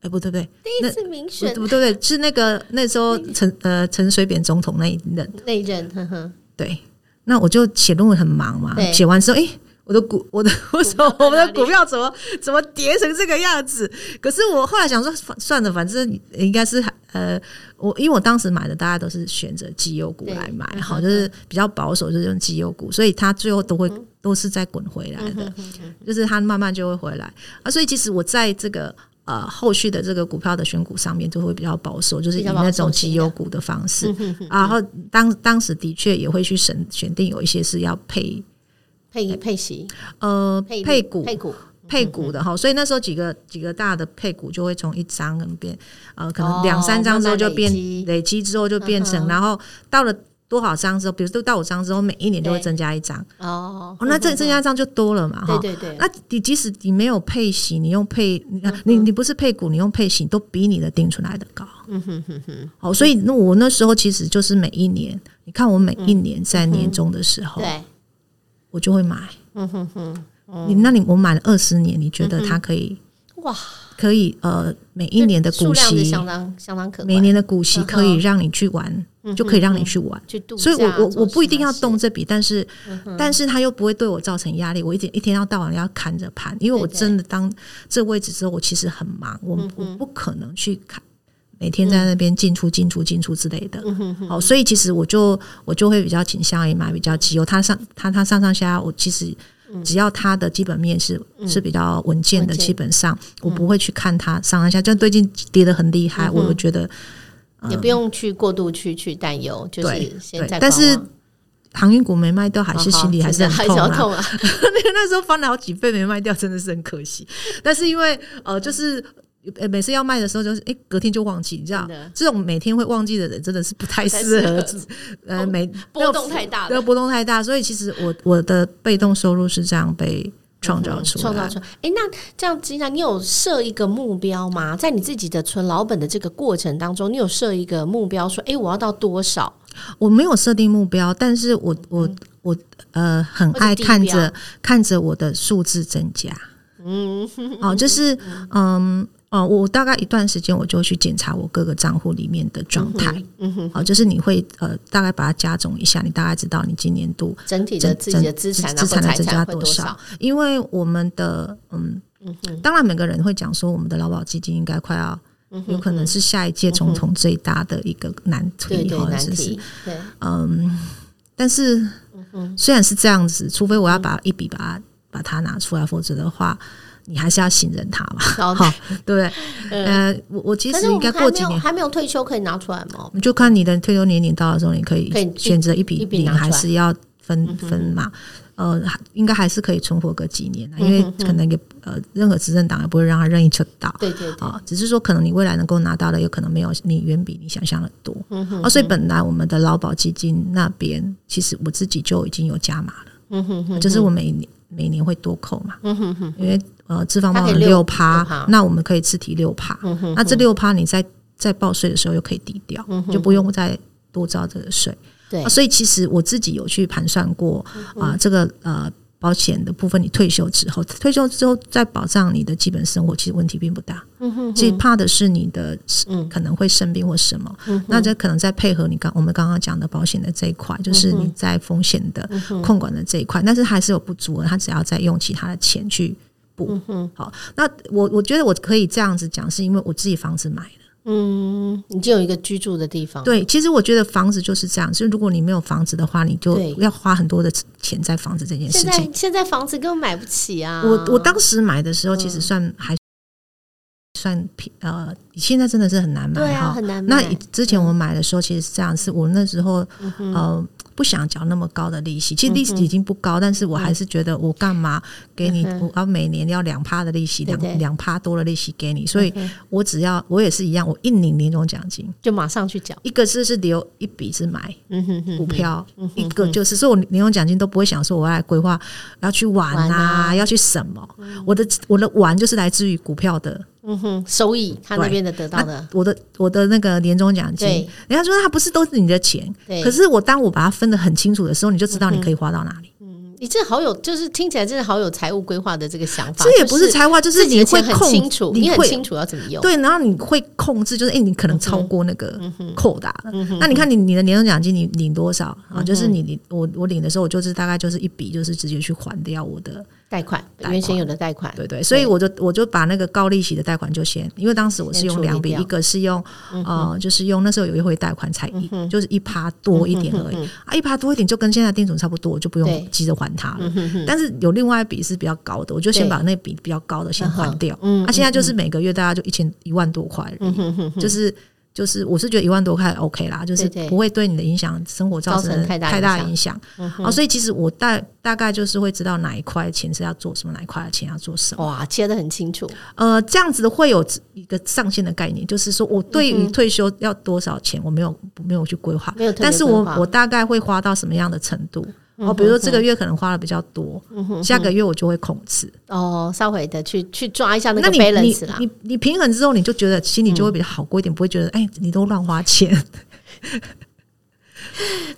哎不對不對，對，第一次民選、啊，不，不對不對，對，是那個那時候陳呃陳水扁總統那一任那一任。呵、嗯、呵。對，那我就寫論文很忙嘛，寫對完之後誒。欸我的股，我的我說我們的股票怎麼怎麼跌成這個樣子？可是我後來想說，算了，反正應該是呃，我因為我當時買的，大家都是選擇績優股來買，對好，嗯、就是比較保守，就是用績優股，所以它最後都會、嗯、哼都是在滾回來的，嗯嗯嗯、就是它慢慢就會回來啊。所以其實我在這個呃後續的這個股票的選股上面，就會比較保守，就是以那種績優股的方式。啊嗯嗯啊、然後當當時的確也會去選選定有一些是要配。配配息，呃，配股，配股，配股的哈。所以那時候幾個幾個大的配股就會從一張變，呃，可能兩三張之後就變累積之後就變成，然後到了多少張之後，比如都到五張之後，每一年就會增加一張。哦，那這增加一張就多了嘛哈。對對，那你即使你沒有配息，你用配，你你你不是配股，你用配息都比你的定出來的高。嗯哼哼哼。好，所以那我那時候其實就是每一年，你看我每一年在年終的時候。對。我就會買，嗯哼哼，你那你我買了二十年，你覺得它可以？哇，可以呃，每一年的股息相當相當可觀，每年的股息可以讓你去玩，就可以讓你去玩。所以我我我不一定要動這筆，但是但是他又不會對我造成壓力，我一點一天到晚要看着盤，因為我真的當這位置之後，我其實很忙，我我不可能去看。每天在那邊進出進出進出之類的，哦，所以其實我就我就會比較傾向於買比較持有。它上它它上上下，我其實只要它的基本面是是比較穩健的，基本上我不會去看它上上下。就最近跌得很厲害，我覺得也不用去過度去去擔憂，就是現在。但是航運股沒賣掉還是心裡還是很痛啊！那時候翻了好幾倍沒賣掉，真的是很可惜。但是因為呃，就是。欸、每次要賣的時候就是誒、欸，隔天就忘記，這樣的這種每天會忘記的人真的是不太適合。呃、每、嗯、沒波動太大，波動太大，所以其實我我的被動收入是這樣被創造出來。嗯、創造出來、欸。那這樣子，你有設一個目標嗎？在你自己的存老本的這個過程當中，你有設一個目標說，誒、欸，我要到多少？我沒有設定目標，但是我我、嗯、我呃，很愛看着看着我的數字增加。嗯，哦，就是嗯。嗯哦、呃，我大概一段時間我就去檢查我各個賬戶裡面的狀態、嗯。嗯哼、呃，就是你會呃大概把它加總一下，你大概知道你今年度整體的自己的資產資，資產增加多少。因為我們的嗯嗯，當然每個人會講說我們的勞保基金應該快要、嗯、哼有可能是下一屆總統最大的一個難題哈，或是、嗯嗯、對、對、對，嗯，但是嗯哼雖然是這樣子，除非我要把一筆把它、嗯、哼把它拿出來，否則的話。你還是要信任他嘛，好，對不對？呃，我我其實應該過幾年還沒有退休可以拿出來嗎？就看你的退休年齡到了時候，你可以選擇一筆一筆還是要分分嘛？呃，應該還是可以存活個幾年，因為可能也，呃，任何執政黨也不會讓他任意撤到。對對啊，只是說可能你未來能夠拿到的，有可能沒有你遠比你想象的多。嗯哼，啊，所以本來我們的勞保基金那邊，其實我自己就已經有加碼了。嗯哼哼，就是我每年每年會多扣嘛。嗯哼哼，因為。呃，脂肪包的六趴，6那我們可以自提六趴。嗯、哼哼，那這六趴，你在在報稅的時候又可以抵掉，嗯、哼哼，就不用再多交這個稅。對、嗯啊，所以其實我自己有去盤算過啊、嗯哼呃，這個呃保險的部分，你退休之後，退休之後再保障你的基本生活，其實問題並不大。嗯哼、哼，最怕的是你的可能會生病或什麼。嗯、哼那這可能再配合你剛我們剛剛講的保險的這一塊，就是你在風險的、嗯、哼控管的這一塊，但是還是有不足的。他只要再用其他的錢去。不嗯哼，好，那我我覺得我可以這樣子講，是因為我自己房子買了。嗯，你就有一個居住的地方。對，其實我覺得房子就是這樣，所以如果你沒有房子的話，你就要花很多的錢在房子這件事情。現在，現在房子根本買不起啊！我我當時買的時候其實算、嗯、還算平，呃，現在真的是很難買哈，啊、很難買。那之前我買的時候其實是這樣，是我那時候、嗯、哼呃。不想繳那麼高的利息，其實利息已經不高，但是我還是覺得我幹嘛給你，我要每年要兩趴的利息，兩兩趴多的利息給你，所以我只要我也是一樣，我一領年終獎金就馬上去繳，一個是是留一筆是買股票，嗯、哼哼哼一個就是說我年終獎金都不會想說我要來規劃，要去玩啊，玩啊要去什麼，我的我的玩就是來自於股票的。嗯哼，收益，他那邊的得到的，啊、我的我的那個年終獎金，人家對說，他不是都是你的錢，對可是我當我把它分得很清楚的時候，你就知道你可以花到哪裡。嗯，嗯，你這好有，就是聽起來真的好有財務規劃的這個想法。這也不是財話，就是你會很清楚，你，會你很清楚要怎麼用。對，然後你會控制，就是誒、欸，你可能超過那個扣打、啊。嗯嗯、那你看你你的年終獎金你領多少、嗯、哼啊？就是你你我我領的時候，我就是大概就是一筆，就是直接去還掉我的。貸款原先有的貸款，對對，所以我就我就把那個高利息的貸款就先，因為當時我是用兩筆，一個是用呃，就是用那時候有優惠貸款才一，就是一趴多一點而已啊，一趴多一點就跟現在定存差不多，就不用急着還它了。但是有另外一筆是比較高的，我就先把那筆比較高的先還掉。嗯，現在就是每個月大概就一千一萬多塊，就是。就是我是覺得一萬多塊 OK 啦，就是不會對你的影響生活造成太大影響。嗯哼啊、所以其實我大大概就是會知道哪一塊錢是要做什麼，哪一塊錢要做什麼。哇，切得很清楚。呃，這樣子會有一個上限的概念，就是說我對於退休要多少錢，嗯、哼我沒有我沒有去規劃，但是我我大概會花到什麼樣的程度。哦，比如說這個月可能花的比較多，嗯、哼哼下個月我就會控制。哦，稍微的去去抓一下那個 balance 啦。你你,你,你平衡之後，你就覺得心裡就會比較好過一點，嗯、不會覺得哎，你都亂花錢。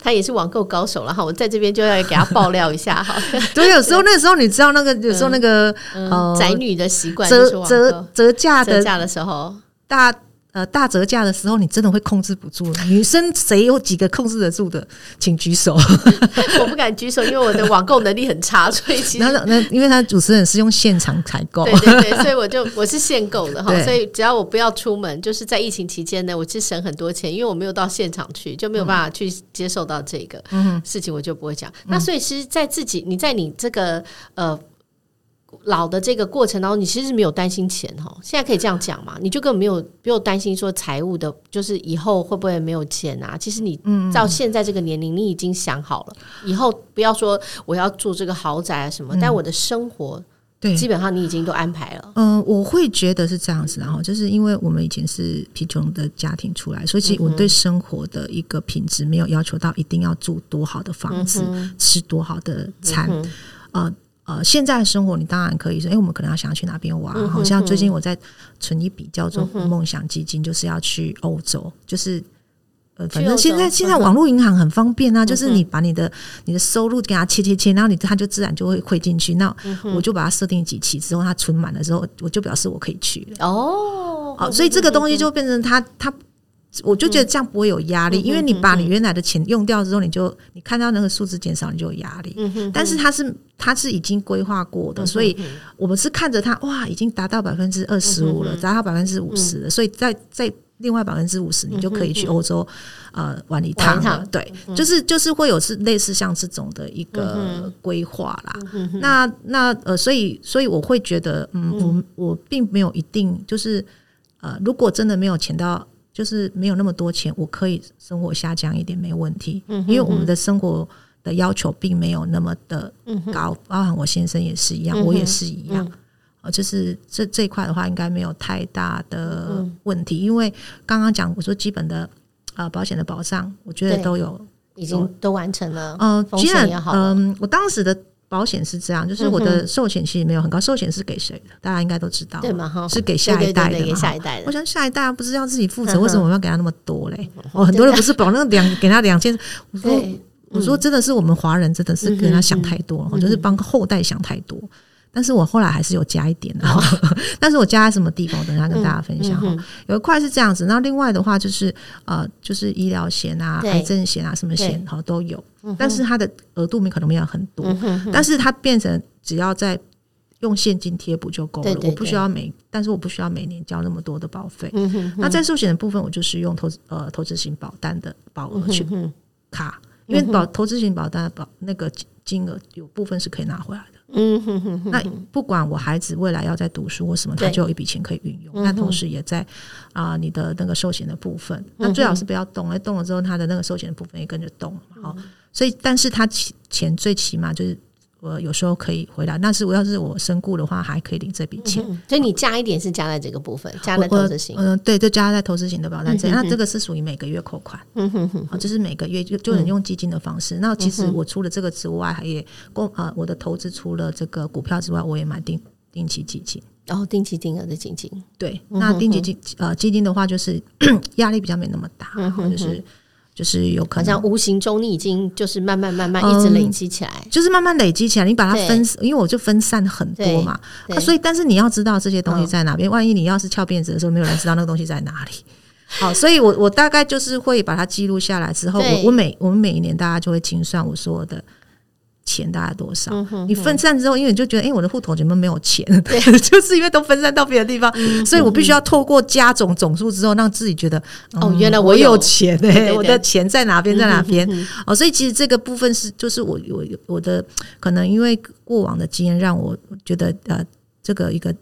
他也是網購高手了哈，我在這邊就要給他爆料一下哈。 對，有時候那時候你知道那個，對有時候那個、嗯、呃宅女的習慣，折折折價的折價的時候大。呃，大折價的時候，你真的會控制不住。女生誰有幾個控制得住的？請舉手、 嗯。我不敢舉手，因為我的網購能力很差，所以其實那那，因為他主持人是用現場採購， 對對對，所以我就我是限購的哈。對所以只要我不要出門，就是在疫情期間呢，我其實省很多錢，因為我沒有到現場去，就沒有辦法去接受到這個事情，我就不會講。嗯、那所以其實，在自己你在你這個呃。老的這個過程當中，你其實是沒有擔心錢哈。現在可以這樣講嘛？你就根本沒有沒有擔心說財務的，就是以後會不會沒有錢啊？其實你到現在這個年齡，你已經想好了，嗯、以後不要說我要住這個豪宅啊什麼，嗯、但我的生活對基本上你已經都安排了。嗯、呃，我會覺得是這樣子，然後就是因為我們以前是貧窮的家庭出來，所以其實我對生活的一個品質沒有要求到一定要住多好的房子，嗯、哼吃多好的餐，啊、嗯哼。呃呃，現在的生活你當然可以說，為、欸、我們可能要想要去哪邊玩？好、嗯、像最近我在存一筆叫做夢想基金，就是要去歐洲，嗯、哼就是呃，反正現在現在網絡銀行很方便啊，嗯、哼就是你把你的你的收入給它切切切，然後你它就自然就會匯進去。那我就把它設定幾期之後，它存滿的時候，我就表示我可以去了。哦、好、哦，所以這個東西就變成它它。我就覺得這樣不會有壓力，因為你把你原來的錢用掉之後，你就你看到那個數字減少，你就有壓力。但是它是它是已經規劃過的，所以我們是看着它哇，已經達到百分之二十五了，達到百分之五十了，所以在在另外百分之五十，你就可以去歐洲呃玩一趟了。對，就是就是會有是類似像這種的一個規劃啦。那那呃，所以所以我會覺得，嗯，我我並沒有一定就是呃，如果真的沒有錢到。就是沒有那麼多錢，我可以生活下降一點，沒問題。因為我們的生活的要求並沒有那麼的高，包含我先生也是一樣，嗯、哼我也是一樣。嗯嗯、呃，就是這這一塊的話，應該沒有太大的問題。嗯、因為剛剛講我說基本的啊、呃、保險的保障，我覺得都有已經都完成了。嗯、呃，其實，嗯、呃呃，我當時的。保險是這樣，就是我的壽險其實沒有很高，壽險是給誰的？大家應該都知道，嗯、哼是給下一代的，代的，我想下一代不知道自己負責，嗯、哼為什麼我要給他那麼多嘞？哦、嗯哼，很多人不是保那兩，給他兩千。對我說，嗯、我說真的是我們華人真的是跟他想太多了，嗯、哼就是幫後代想太多。嗯哼嗯但是我後來還是有加一點的，哦、但是我加在什麼地方？等一下跟大家分享哈。嗯嗯、有一塊是這樣子，那另外的話就是呃，就是醫療險啊、對癌症險啊什麼險，對都有。嗯、哼但是它的額度沒可能沒有很多，嗯、哼哼但是它變成只要在用現金貼補就夠了，對對對我不需要每，但是我不需要每年交那麼多的保費。嗯、哼哼那在壽險的部分，我就是用投資呃投資型保單的保額去卡，嗯、哼哼因為保投資型保單的保那個金額有部分是可以拿回來的。嗯哼哼哼， 那不管我孩子未來要再讀書或什麼，對他就有一筆錢可以運用。嗯、哼那同時也在啊、呃，你的那個壽險的部分，嗯、哼那最好是不要動，因為動了之後，他的那個壽險的部分也跟着動了好，嗯、哼所以但是他錢錢最起碼就是。我有時候可以回來，但是我要是我身故的話，還可以領這筆錢。所以、嗯、你加一點是加在這個部分，加在投資型。嗯、呃呃，對，就加在投資型的保單。這、嗯、那這個是屬於每個月扣款。嗯哼哼、哦，就是每個月就就能用基金的方式。嗯、那其實我除了這個之外，還也公啊、呃，我的投資除了這個股票之外，我也買定定期基金。然後、哦、定期定額的基金，對，那定期基、嗯、哼哼呃基金的話，就是壓 力比較沒那麼大，然後、嗯、就是。就是有可能，好像無形中你已經就是慢慢慢慢一直累積起來，嗯、就是慢慢累積起來。你把它分，對因為我就分散很多嘛，啊、所以但是你要知道這些東西在哪邊。哦、萬一你要是翹辮子的時候，沒有人知道那個東西在哪裡。好、哦，所以我我大概就是會把它記錄下來之後，對我我每我們每一年大家就會清算我說的，錢大概多少？嗯、哼哼你分散之後，因為你就覺得，哎、欸，我的戶頭怎麼沒有錢？對， 就是因為都分散到別的地方，嗯、哼所以我必須要透過加總總數之後，讓自己覺得，嗯、哦，原來我有錢哎，我的錢在哪邊，在哪邊？嗯、哼哼哦，所以其實這個部分是，就是我我我的可能因為過往的經驗讓我覺得，呃，這個一個。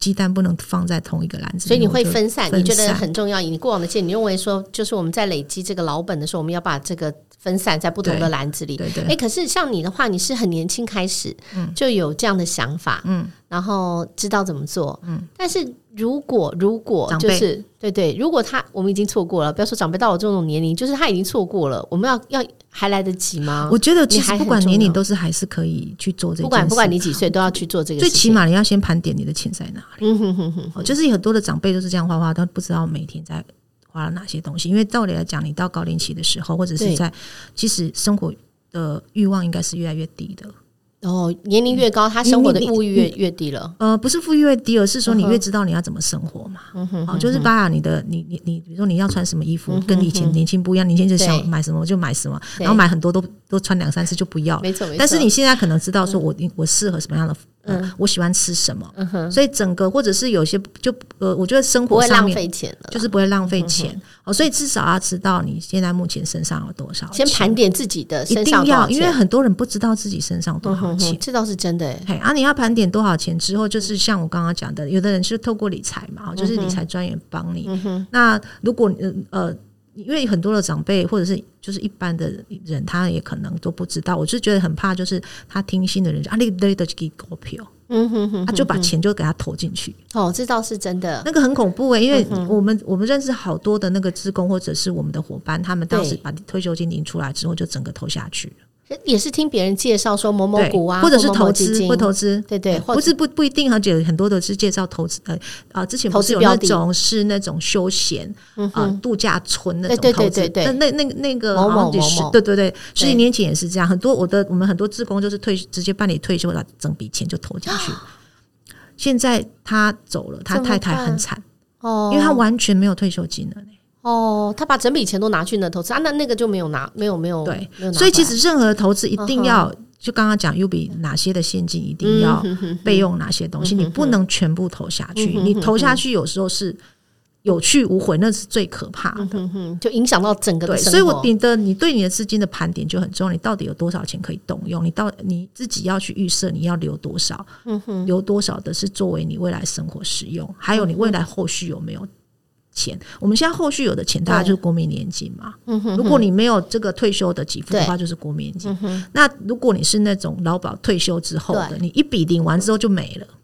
雞蛋不能放在同一個籃子裡，所以你會分散，分散你覺得很重要。以你過往的經驗，你認為說，就是我們在累積這個老本的時候，我們要把這個分散在不同的籃子裡。對，對對誒。可是像你的話，你是很年輕開始，嗯、就有這樣的想法，嗯，然後知道怎麼做，嗯，但是。如果如果長輩 就是對對，如果他我們已經錯過了，不要說長輩到我這種年齡，就是他已經錯過了，我們要要還來得及嗎？我覺得其實不管年齡都是還是可以去做這件事。不管不管你幾歲都要去做這個事情，最起碼你要先盤點你的錢在哪裡。嗯哼哼哼，哼，就是很多的長輩都是這樣花花，都不知道每天在花了哪些東西。因為照理來講，你到高齡期的時候，或者是在對其實生活的欲望應該是越來越低的。然後、哦、年齡越高，他生活的物欲越越低了。呃，不是富裕越低，而是說你越知道你要怎麼生活嘛。嗯、哼哦，就是吧、嗯哼，你的你你你，比如說你要穿什麼衣服，嗯、哼跟你以前年輕不一樣。年輕就想買什麼就買什麼，對然後買很多都都穿兩三次就不要。沒沒錯。但是你現在可能知道說我，嗯、我我適合什麼樣的服。嗯、呃，我喜歡吃什麼？嗯哼，所以整個或者是有些就呃，我覺得生活上面不會浪費錢，就是不會浪費錢。錢嗯、哦，所以至少要知道你現在目前身上有多少錢，先盤點自己的身上，一定要，因為很多人不知道自己身上多少錢。嗯，這倒是真的。嘿，啊，你要盤點多少錢之後，就是像我剛剛講的，有的人是透過理財嘛，就是理財專員幫你。嗯，嗯那如果呃。呃因為很多的長輩或者是就是一般的人，他也可能都不知道。我是覺得很怕，就是他聽信的人，阿力雷德基股票，嗯哼嗯哼，嗯哼，他就把錢就給他投進去。哦，這倒是真的，那個很恐怖哎，欸。因為我們我們認識好多的那個職工或者是我們的夥伴，嗯、哼他們當時把退休金領出來之後，就整個投下去了。也是聽別人介紹說某某股啊，或者是投資，或，某某或投資。對，對對，或者不是不不一定，而且很多都是介紹投資的啊。之前不是有那種是那種休閒嗯、呃、度假村那種投資、嗯，那那那那個某某某某、啊、對對對，十幾年前也是這樣。很多我的我們很多職工就是退直接辦理退休了，然後整筆錢就投進去。對，現在他走了，他太太很慘哦，因為他完全沒有退休金了、欸。哦，他把整筆錢都拿去那投資啊，那那個就沒有拿，沒有沒有對，沒有拿。所以其實任何的投資一定要，uh huh、就剛剛講，又比哪些的現金一定要備用哪些東西，嗯、哼哼，你不能全部投下去，嗯、哼哼，你投下去有時候是有去無回，那是最可怕的，嗯、哼哼，就影響到整個的生活。對，所以我覺得你對你的資金的盤點就很重要，你到底有多少錢可以動用，你到你自己要去預設你要留多少，嗯、哼留多少的是作為你未來生活使用，還有你未來後續有沒有。錢，我們現在後續有的錢，大家就是國民年金嘛。嗯、哼哼，如果你沒有這個退休的給付的話，就是國民年金。嗯、那如果你是那種勞保退休之後的，對你一筆領完之後就沒了，嗯、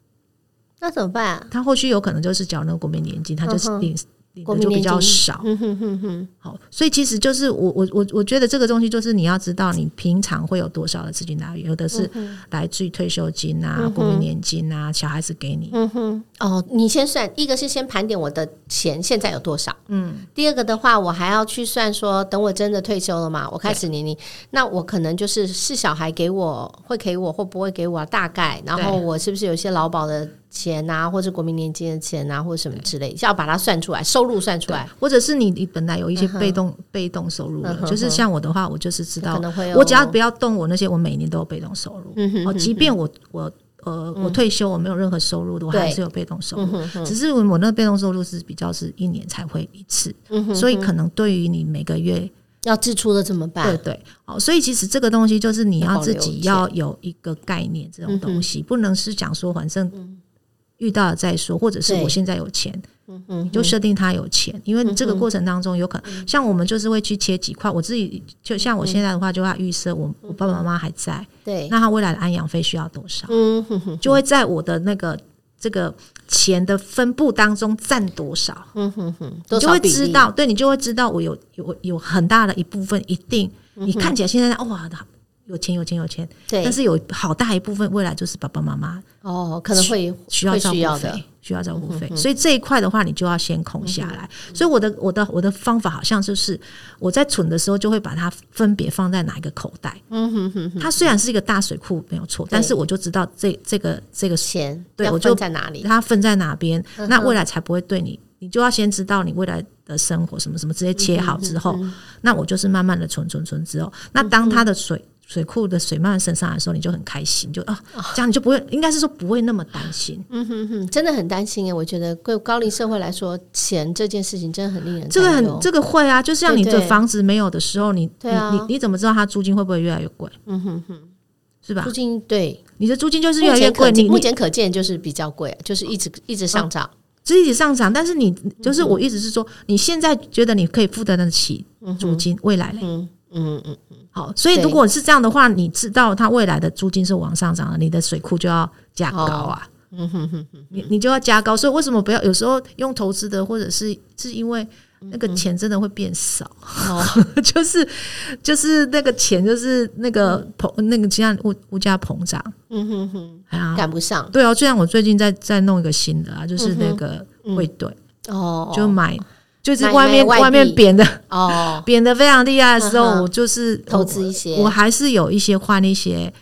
那怎麼辦、啊？他後續有可能就是繳那個國民年金，他就是領、嗯。我們就比較少，嗯哼哼哼好，所以其實就是我我我我覺得這個東西就是你要知道你平常會有多少的資金來源，嗯、哼有的是來自於退休金啊、嗯、哼國民年金啊、小孩子給你，嗯哦，你先算，一個是先盤點我的錢現在有多少，嗯，第二個的話，我還要去算說，等我真的退休了嘛，我開始年齡，對那我可能就是是小孩給我會給我會不會給我大概，然後我是不是有一些勞保的。錢吶，或者國民年金的錢吶，或者什麼之類，要把它算出來，收入算出來，或者是你你本來有一些被動被動收入，就是像我的話，我就是知道，我只要不要動我那些，我每年都有被動收入。嗯，即便我我呃我退休，我沒有任何收入，我還是有被動收入。只是我那個被動收入是比較是一年才會一次，所以可能對於你每個月要支出的怎麼辦？對對，好，所以其實這個東西就是你要自己要有一個概念，這種東西不能是講說反正。遇到了再說，或者是我現在有錢，嗯嗯，你就設定他有錢，嗯、哼因為你這個過程當中有可能，嗯、哼像我們就是會去切幾塊。我自己就像我現在的話，就要預設我、嗯、哼我爸爸媽媽還在，對，那他未來的安養費需要多少，嗯哼，嗯哼，就會在我的那個這個錢的分布當中佔多少，嗯哼哼，你就會知道，對你就會知道我有有有很大的一部分，一定、嗯、哼你看起來現在，在哇。的。有錢，有錢，有錢，但是有好大一部分未來就是爸爸媽媽哦，可能會需要照顧費，需要照顧費，所以這一塊的話，你就要先空下來。所以我的，我的，我的方法好像就是我在存的時候，就會把它分別放在哪一個口袋。嗯哼哼，它雖然是一個大水庫，沒有錯，但是我就知道這這個這個錢，對，我就在哪裡，它分在哪邊，那未來才不會對，你。你就要先知道你未來的生活什麼什麼，直接切好之後，那我就是慢慢的存存存之後，那當它的水。水庫的水慢慢升上來的時候，你就很開心，就啊，這樣你就不會，應該是說不會那麼擔心。嗯哼哼，真的很擔心哎，我覺得對高齡社會來說，錢這件事情真的很令人這個很這個會啊，就是像你的房子沒有的時候你對對對你，你你你怎麼知道它租金會不會越來越貴？嗯哼哼，是吧？租金對你的租金就是越來越貴，你目，目前可見就是比較貴，就是一直一直上漲，是一直上漲。但是你就是我意思是說，嗯、哼你現在覺得你可以負擔得起租金，嗯、哼未來咧？嗯嗯嗯。嗯。好，所以如果是這樣的話，對你知道它未來的租金是往上漲的，你的水庫就要加高啊。哦、嗯哼哼，你你就要加高。所以為什麼不要？有時候用投資的，或者是是因為那個錢真的會變少，嗯嗯 就是就是那個錢就是那個膨、嗯、那個，就像物物價膨脹。嗯哼哼，啊，趕不上。對啊、哦，就像我最近在在弄一個新的啊，就是那個匯兌、嗯嗯、哦，就買。就是外面外面貶的哦，貶的非常厲害的時候，我就是投資一些，我還是有一些換一些，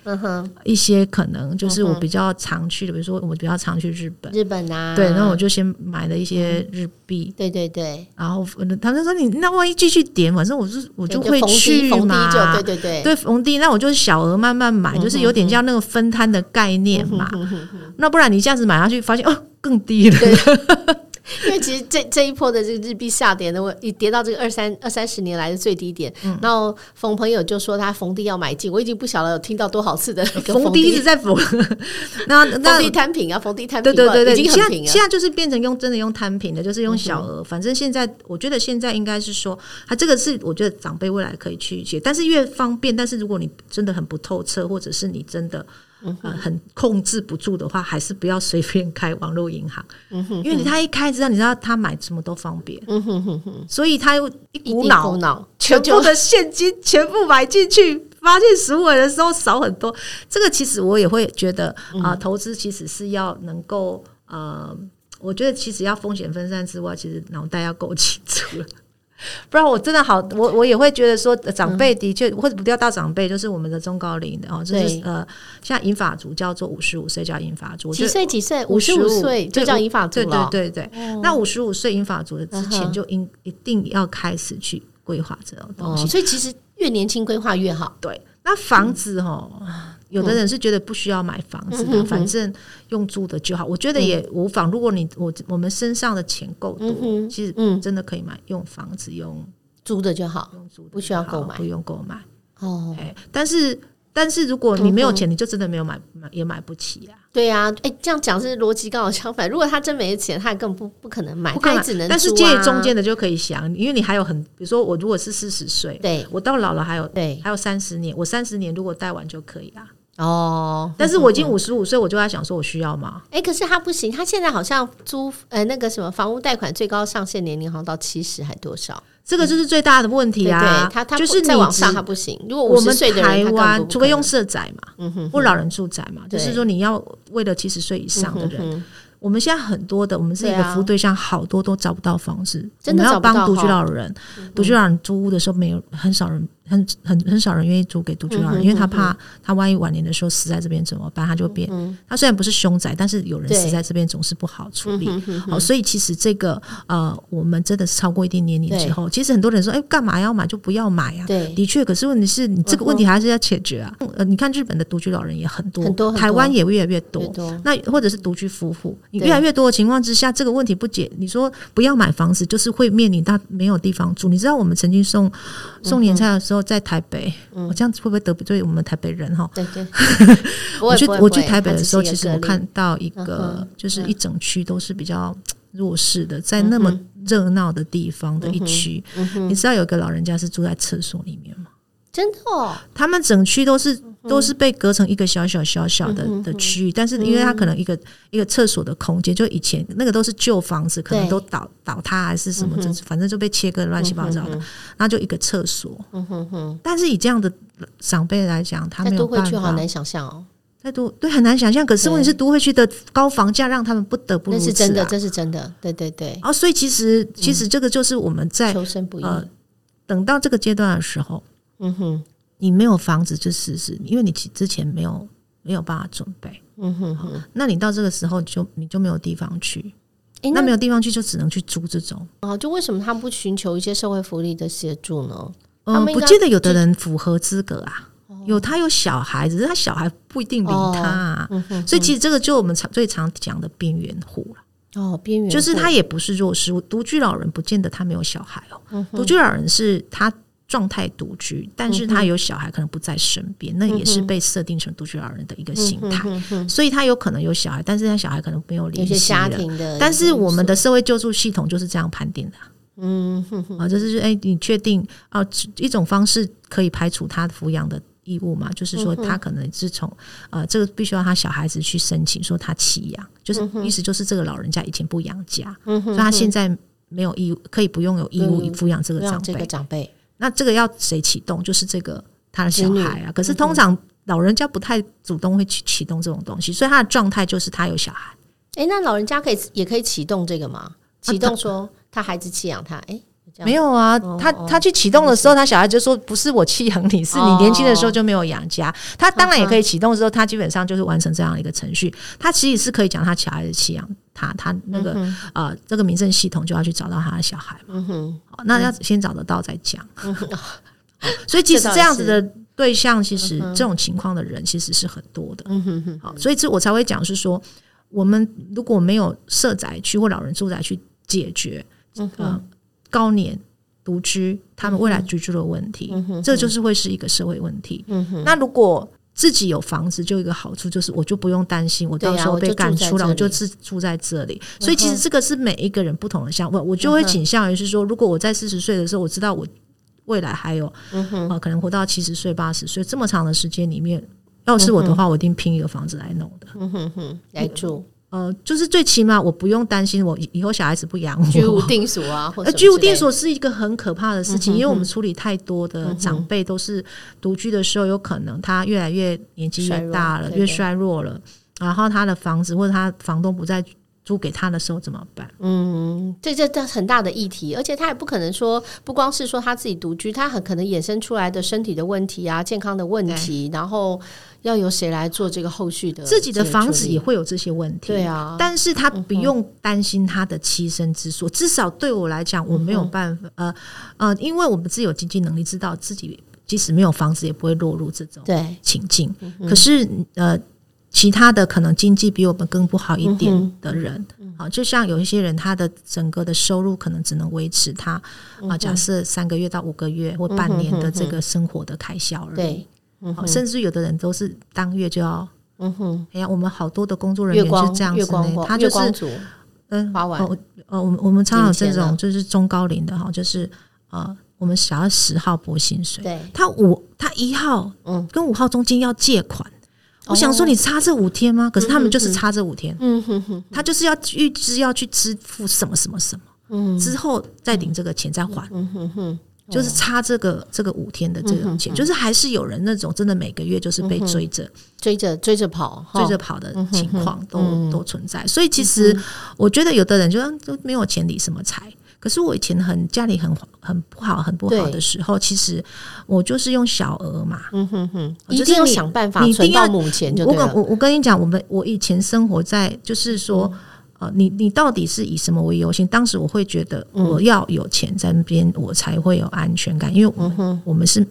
一些可能就是我比較常去的，比如說我比較常去日本，日本啊，對，那我就先買了一些日幣，對對對，然後他就說你那萬一繼續跌，反正我是我就會去嘛，對對對，對逢低，那我就是小額慢慢買，就是有點像那個分攤的概念嘛，那不然你一下子買下去，發現哦更低了。因為其實這這一波的這個日幣下跌呢，我已跌到這個二三二三十年來的最低點。嗯、然後馮朋友就說他逢低要買進，我已經不曉得有聽到多少次的逢低一直在逢。那那逢低攤平啊，逢低攤平，對對對對，已經很平了。現在現在就是變成用真的用攤平的，就是用小額。嗯、哼反正現在我覺得現在應該是說，它、啊、這個是我覺得長輩未來可以去學，但是越方便。但是如果你真的很不透徹，或者是你真的。嗯啊、很控制不住的話，還是不要隨便開網絡銀行。嗯、哼哼因為你他一開之後，你知道他買什麼都方便。嗯哼哼所以他一股腦全部的現金全部買進去，嗯、哼哼發現贖回的時候少很多。這個其實我也會覺得、嗯、哼啊，投資其實是要能夠呃，我覺得其實要風險分散之外，其實腦袋要夠清楚。嗯不然我真的好，我我也會覺得說長，長輩的確或者不叫大長輩，就是我們的中高齡的對哦，就是呃，像銀髮族叫做五十五歲叫銀髮族，幾歲幾歲？五十五歲就叫銀髮族了、哦。對對對對，哦、那五十五歲銀髮族的之前就應一定要開始去規劃這種東西、哦，所以其實越年輕規劃越好。對，那房子哦。嗯有的人是覺得不需要買房子的，反正用租的就好。我覺得也無妨。如果你我我們身上的錢夠多，其實真的可以買用房子用租的就好，不需要購買，不用購買哦。但是但是如果你沒有錢，你就真的沒有買，買也買不起啊。對呀，哎，這樣講是邏輯剛好相反。如果他真沒錢，他也根本不不可能買，不可能，他只能但是借中間的就可以想，因為你還有很比如說我如果是四十歲，對我到老了還有對，還有三十年，我三十年如果貸完就可以了。哦，但是我已經五十五歲，我就在想說我需要嗎？哎，可是他不行，他現在好像租呃那個什麼房屋貸款最高上限年齡好像到七十還多少？這個就是最大的問題啊！對，他他就是再往上他不行。如果我們台灣，除非用社宅嘛，嗯哼，或老人住宅嘛，就是說你要為了七十歲以上的人，我們現在很多的我們是一個服務對象好多都找不到房子，真的要幫獨居老人，獨居老人租屋的時候，沒有很少人，很很很少人願意租給獨居老人，因為他怕他萬一晚年的時候死在這邊怎麼辦？他就變他雖然不是凶宅，但是有人死在這邊總是不好處理。好，所以其實這個呃，我們真的是超過一定年齡之後，其實很多人說：“哎，幹嘛要買就不要買啊？”對，的確，可是問題是，你這個問題還是要解決啊。呃，你看日本的獨居老人也很多，台灣也越來越多。那或者是獨居夫婦，你越來越多的情況之下，這個問題不解，你說不要買房子，就是會面臨到沒有地方住。你知道我們曾經送送年菜的時候。在台北，我、嗯、這樣子會不會得罪我們台北人哈？對對， 會我去會我去台北的時候，其實我看到一個，就是一整區都是比較弱勢的，嗯、在那麼熱鬧的地方的一區，嗯嗯、你知道有個老人家是住在廁所裡面嗎？真的哦，他們整區都是都是被隔成一個小小小小的的區域，但是因為他可能一個一個廁所的空間，就以前那個都是舊房子，可能都倒倒塌還是什麼，就是反正就被切割亂七八糟的，那就一個廁所。但是以這樣的長輩來講，他們都會區好難想象哦，在都對，很難想象，可是問題是都會區的高房價讓他們不得不，那是真的，這是真的，對對對。哦，所以其實其實這個就是我們在呃等到這個階段的時候。嗯哼，你沒有房子就試試，因為你之前沒有沒有辦法準備。嗯哼，哼、哦，那你到這個時候就你就沒有地方去，欸、那，那沒有地方去就只能去租這種哦，就為什麼他不尋求一些社會福利的協助呢？嗯，不見得有的人符合資格啊，嗯、哼有他有小孩子，只是他小孩不一定理他，啊。哦嗯、哼哼所以其實這個就我們常最常講的邊緣戶了。哦，邊緣就是他也不是弱勢，獨居老人不見得他沒有小孩哦，獨、嗯、哼居老人是他。狀態獨居，但是他有小孩，可能不在身邊，嗯、哼那也是被設定成獨居老人的一個形態。嗯、哼哼所以，他有可能有小孩，但是他小孩可能沒有聯繫的。但是，我們的社會救助系統就是這樣判定的。嗯，啊，就、嗯啊、是，說，哎，你確定啊？一種方式可以排除他撫養的義務嗎？就是說，他可能是從、嗯、哼呃，這個必須要他小孩子去申請，說他棄養，嗯、哼就是、嗯、哼意思就是這個老人家以前不養家，嗯、哼哼所以他現在沒有義務，可以不用有義務撫養這個長輩。那這個要誰啟動？就是這個他的小孩啊。嗯、哲可是通常老人家不太主動會去啟動這種東西，所以他的狀態就是他有小孩。哎、欸，那老人家可以也可以啟動這個嗎？啟動說他孩子棄養他，欸沒有啊，他他去啟動的時候，他小孩就說不是我棄養你，是你年輕的時候就沒有養家。他當然也可以啟動的時候，他基本上就是完成這樣一個程序。他其實是可以講他小孩的棄養他，他那個啊，這個民政系統就要去找到他的小孩嘛。那要先找得到再講。所以其實這樣子的對象，其實這種情況的人其實是很多的。好，所以這我才會講是說，我們如果沒有社宅區或老人住宅去解決這個，嗯。高年獨居，他們未來居住的問題，嗯嗯嗯、這就是會是一個社會問題。嗯、哼那如果自己有房子，就一個好處就是，我就不用擔心我到時候被趕出來，啊、我就自住在這裡。所以其實這個是每一個人不同的想法。嗯、哼我就會傾向於是說，如果我在四十歲的時候，我知道我未來還有、嗯哼呃、可能活到七十歲、八十歲這麼長的時間裡面，要是我的話，我一定拼一個房子來弄的，嗯嗯、來住。呃，就是最起碼我不用擔心，我以後小孩子不養我。居無定所啊，或居無定所是一個很可怕的事情，嗯、哼哼因為我們處理太多的長輩都是獨居的時候，有可能他越來越年紀越大了，衰越衰弱了，然後他的房子或者他房東不在，租給他的時候怎麼辦？嗯，這這這很大的議題，而且他也不可能說不光是說他自己獨居，他很可能衍生出來的身體的問題啊，健康的問題，哎、然後要由誰來做這個後續的？自己的房子也會有這些問題，對啊，但是他不用擔心他的棲身之所，嗯、哼至少對我來講，我沒有辦法，嗯、哼呃呃，因為我們自己有經濟能力，知道自己即使沒有房子也不會落入這種對情境，對可是，嗯、哼呃。其他的可能經濟比我們更不好一點的人，好，就像有一些人，他的整個的收入可能只能維持他啊，假設三個月到五個月或半年的這個生活的開銷而已。對，甚至有的人都是當月就要，嗯哼，哎呀，我們好多的工作人員是這樣子的，他就是，嗯，花完，哦，我們我們常有這種，就是中高齡的哈，就是啊，我們想要十號撥薪水，對，他五他一號，嗯，跟五號中間要借款。我想說你差這五天嗎？可是他們就是差這五天，嗯哼哼，他就是要預支，要去支付什麼什麼什麼，嗯，之後再領這個錢再還，嗯哼哼，就是差這個這個五天的這種錢，就是還是有人那種真的每個月就是被追着追着追着跑追着跑的情況都都存在，所以其實我覺得有的人就說都沒有錢理什麼財。可是我以前很家裡很很不好很不好的時候，對其實我就是用小額嘛，嗯哼哼，一定要想辦法存到母錢就對我我。我跟，我我跟你講，我們我以前生活在就是說，嗯、呃，你你到底是以什麼為優先？當時我會覺得我要有錢在那邊，嗯、我才會有安全感，因為我們、嗯、哼我們是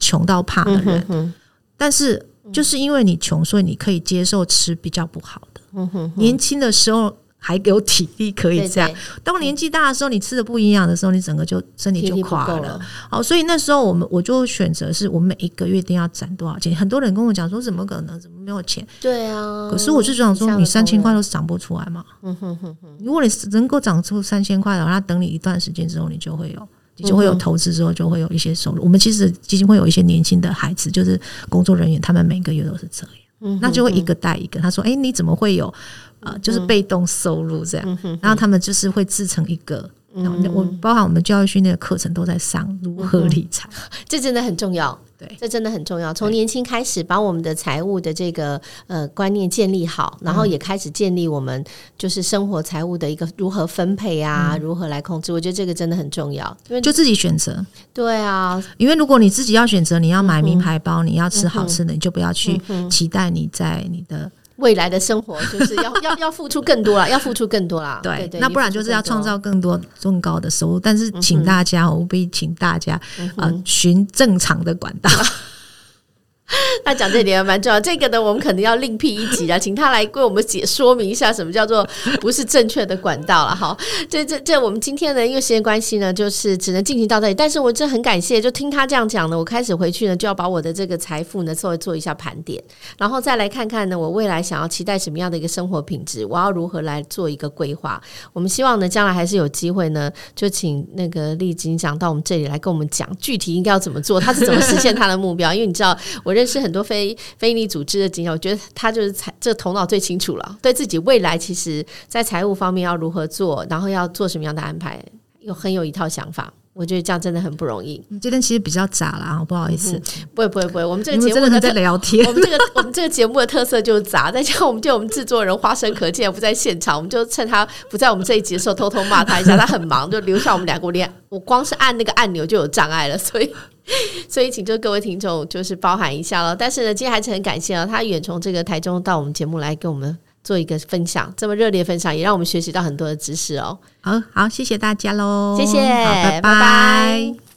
窮到怕的人。嗯、哼哼，但是就是因為你窮，所以你可以接受吃比較不好的。嗯、哼哼年輕的時候。還給我體力可以這樣。當年紀大的時候，你吃的不營養的時候，你整個就身體就垮了。了好，所以那時候我們我就選擇是我們每一個月一定要攢多少錢。很多人跟我講說，怎麼可能？怎麼沒有錢？對啊。可是我就想說，你三千塊都是攢不出來嘛。嗯哼哼哼。如果你能夠攢出三千塊的話，那等你一段時間之後，你就會有，你就會有投資之後，就會有一些收入。嗯、哼我們其實基金會有一些年輕的孩子，就是工作人員，他們每個月都是這樣，嗯、哼哼那就會一個帶一個。他說：“哎、欸，你怎麼會有？”啊，就是被動收入這樣，然後他們就是會制成一個，然後我包含我們教育訓練的課程都在上如何理財，這真的很重要，對，這真的很重要。從年輕開始，把我們的財務的這個呃觀念建立好，然後也開始建立我們就是生活財務的一個如何分配啊，如何來控制，我覺得這個真的很重要，因為就自己選擇，對啊，因為如果你自己要選擇，你要買名牌包，你要吃好吃的，你就不要去期待你在你的。未來的生活就是要要 要付出更多啦， 要付出更多啦。對，對對對，那不然就是要創造更多、嗯、哼更高的收入。但是，請大家，務、嗯、哼必請大家啊，循、嗯哼呃、正常的管道。那講這點也蠻重要的，這個呢，我們可能要另闢一集了，請他來為我們解說明一下什麼叫做不是正確的管道了哈。這這這，我們今天呢，因為時間關係呢，就是只能進行到這裡。但是我真很感謝，就聽他這樣講呢，我開始回去呢，就要把我的這個財富呢，稍微做一下盤點，然後再來看看呢，我未來想要期待什麼樣的一個生活品質，我要如何來做一個規劃。我們希望呢，將來還是有機會呢，就請那個麗里長到我們這裡來跟我們講具體應該要怎麼做，他是怎麼實現他的目標。 因為你知道，我認。是很多非非你組織的經驗，我覺得他就是財這頭腦最清楚了。對自己未來，其實，在財務方面要如何做，然後要做什麼樣的安排，又很有一套想法。我覺得這樣真的很不容易。今天其實比較雜啦，不好意思。不會、嗯、不會不會，我們這個節目的真的在聊天 我、這個。我們這個我們這個節目的特色就是雜。再加上我們就我們制作人花生可見不在現場，我們就趁他不在我們這一集的時候偷偷罵他一下。 他很忙，就留下我們兩個。我連我光是按那個按鈕就有障礙了，所以。所以，請就各位聽眾，就是包含一下嘍。但是呢，今天還是很感謝啊，他遠從這個台中到我們節目來跟我們做一個分享，這麼熱烈分享，也讓我們學習到很多的知識哦。好好，謝謝大家嘍，謝謝，好，拜拜。拜拜。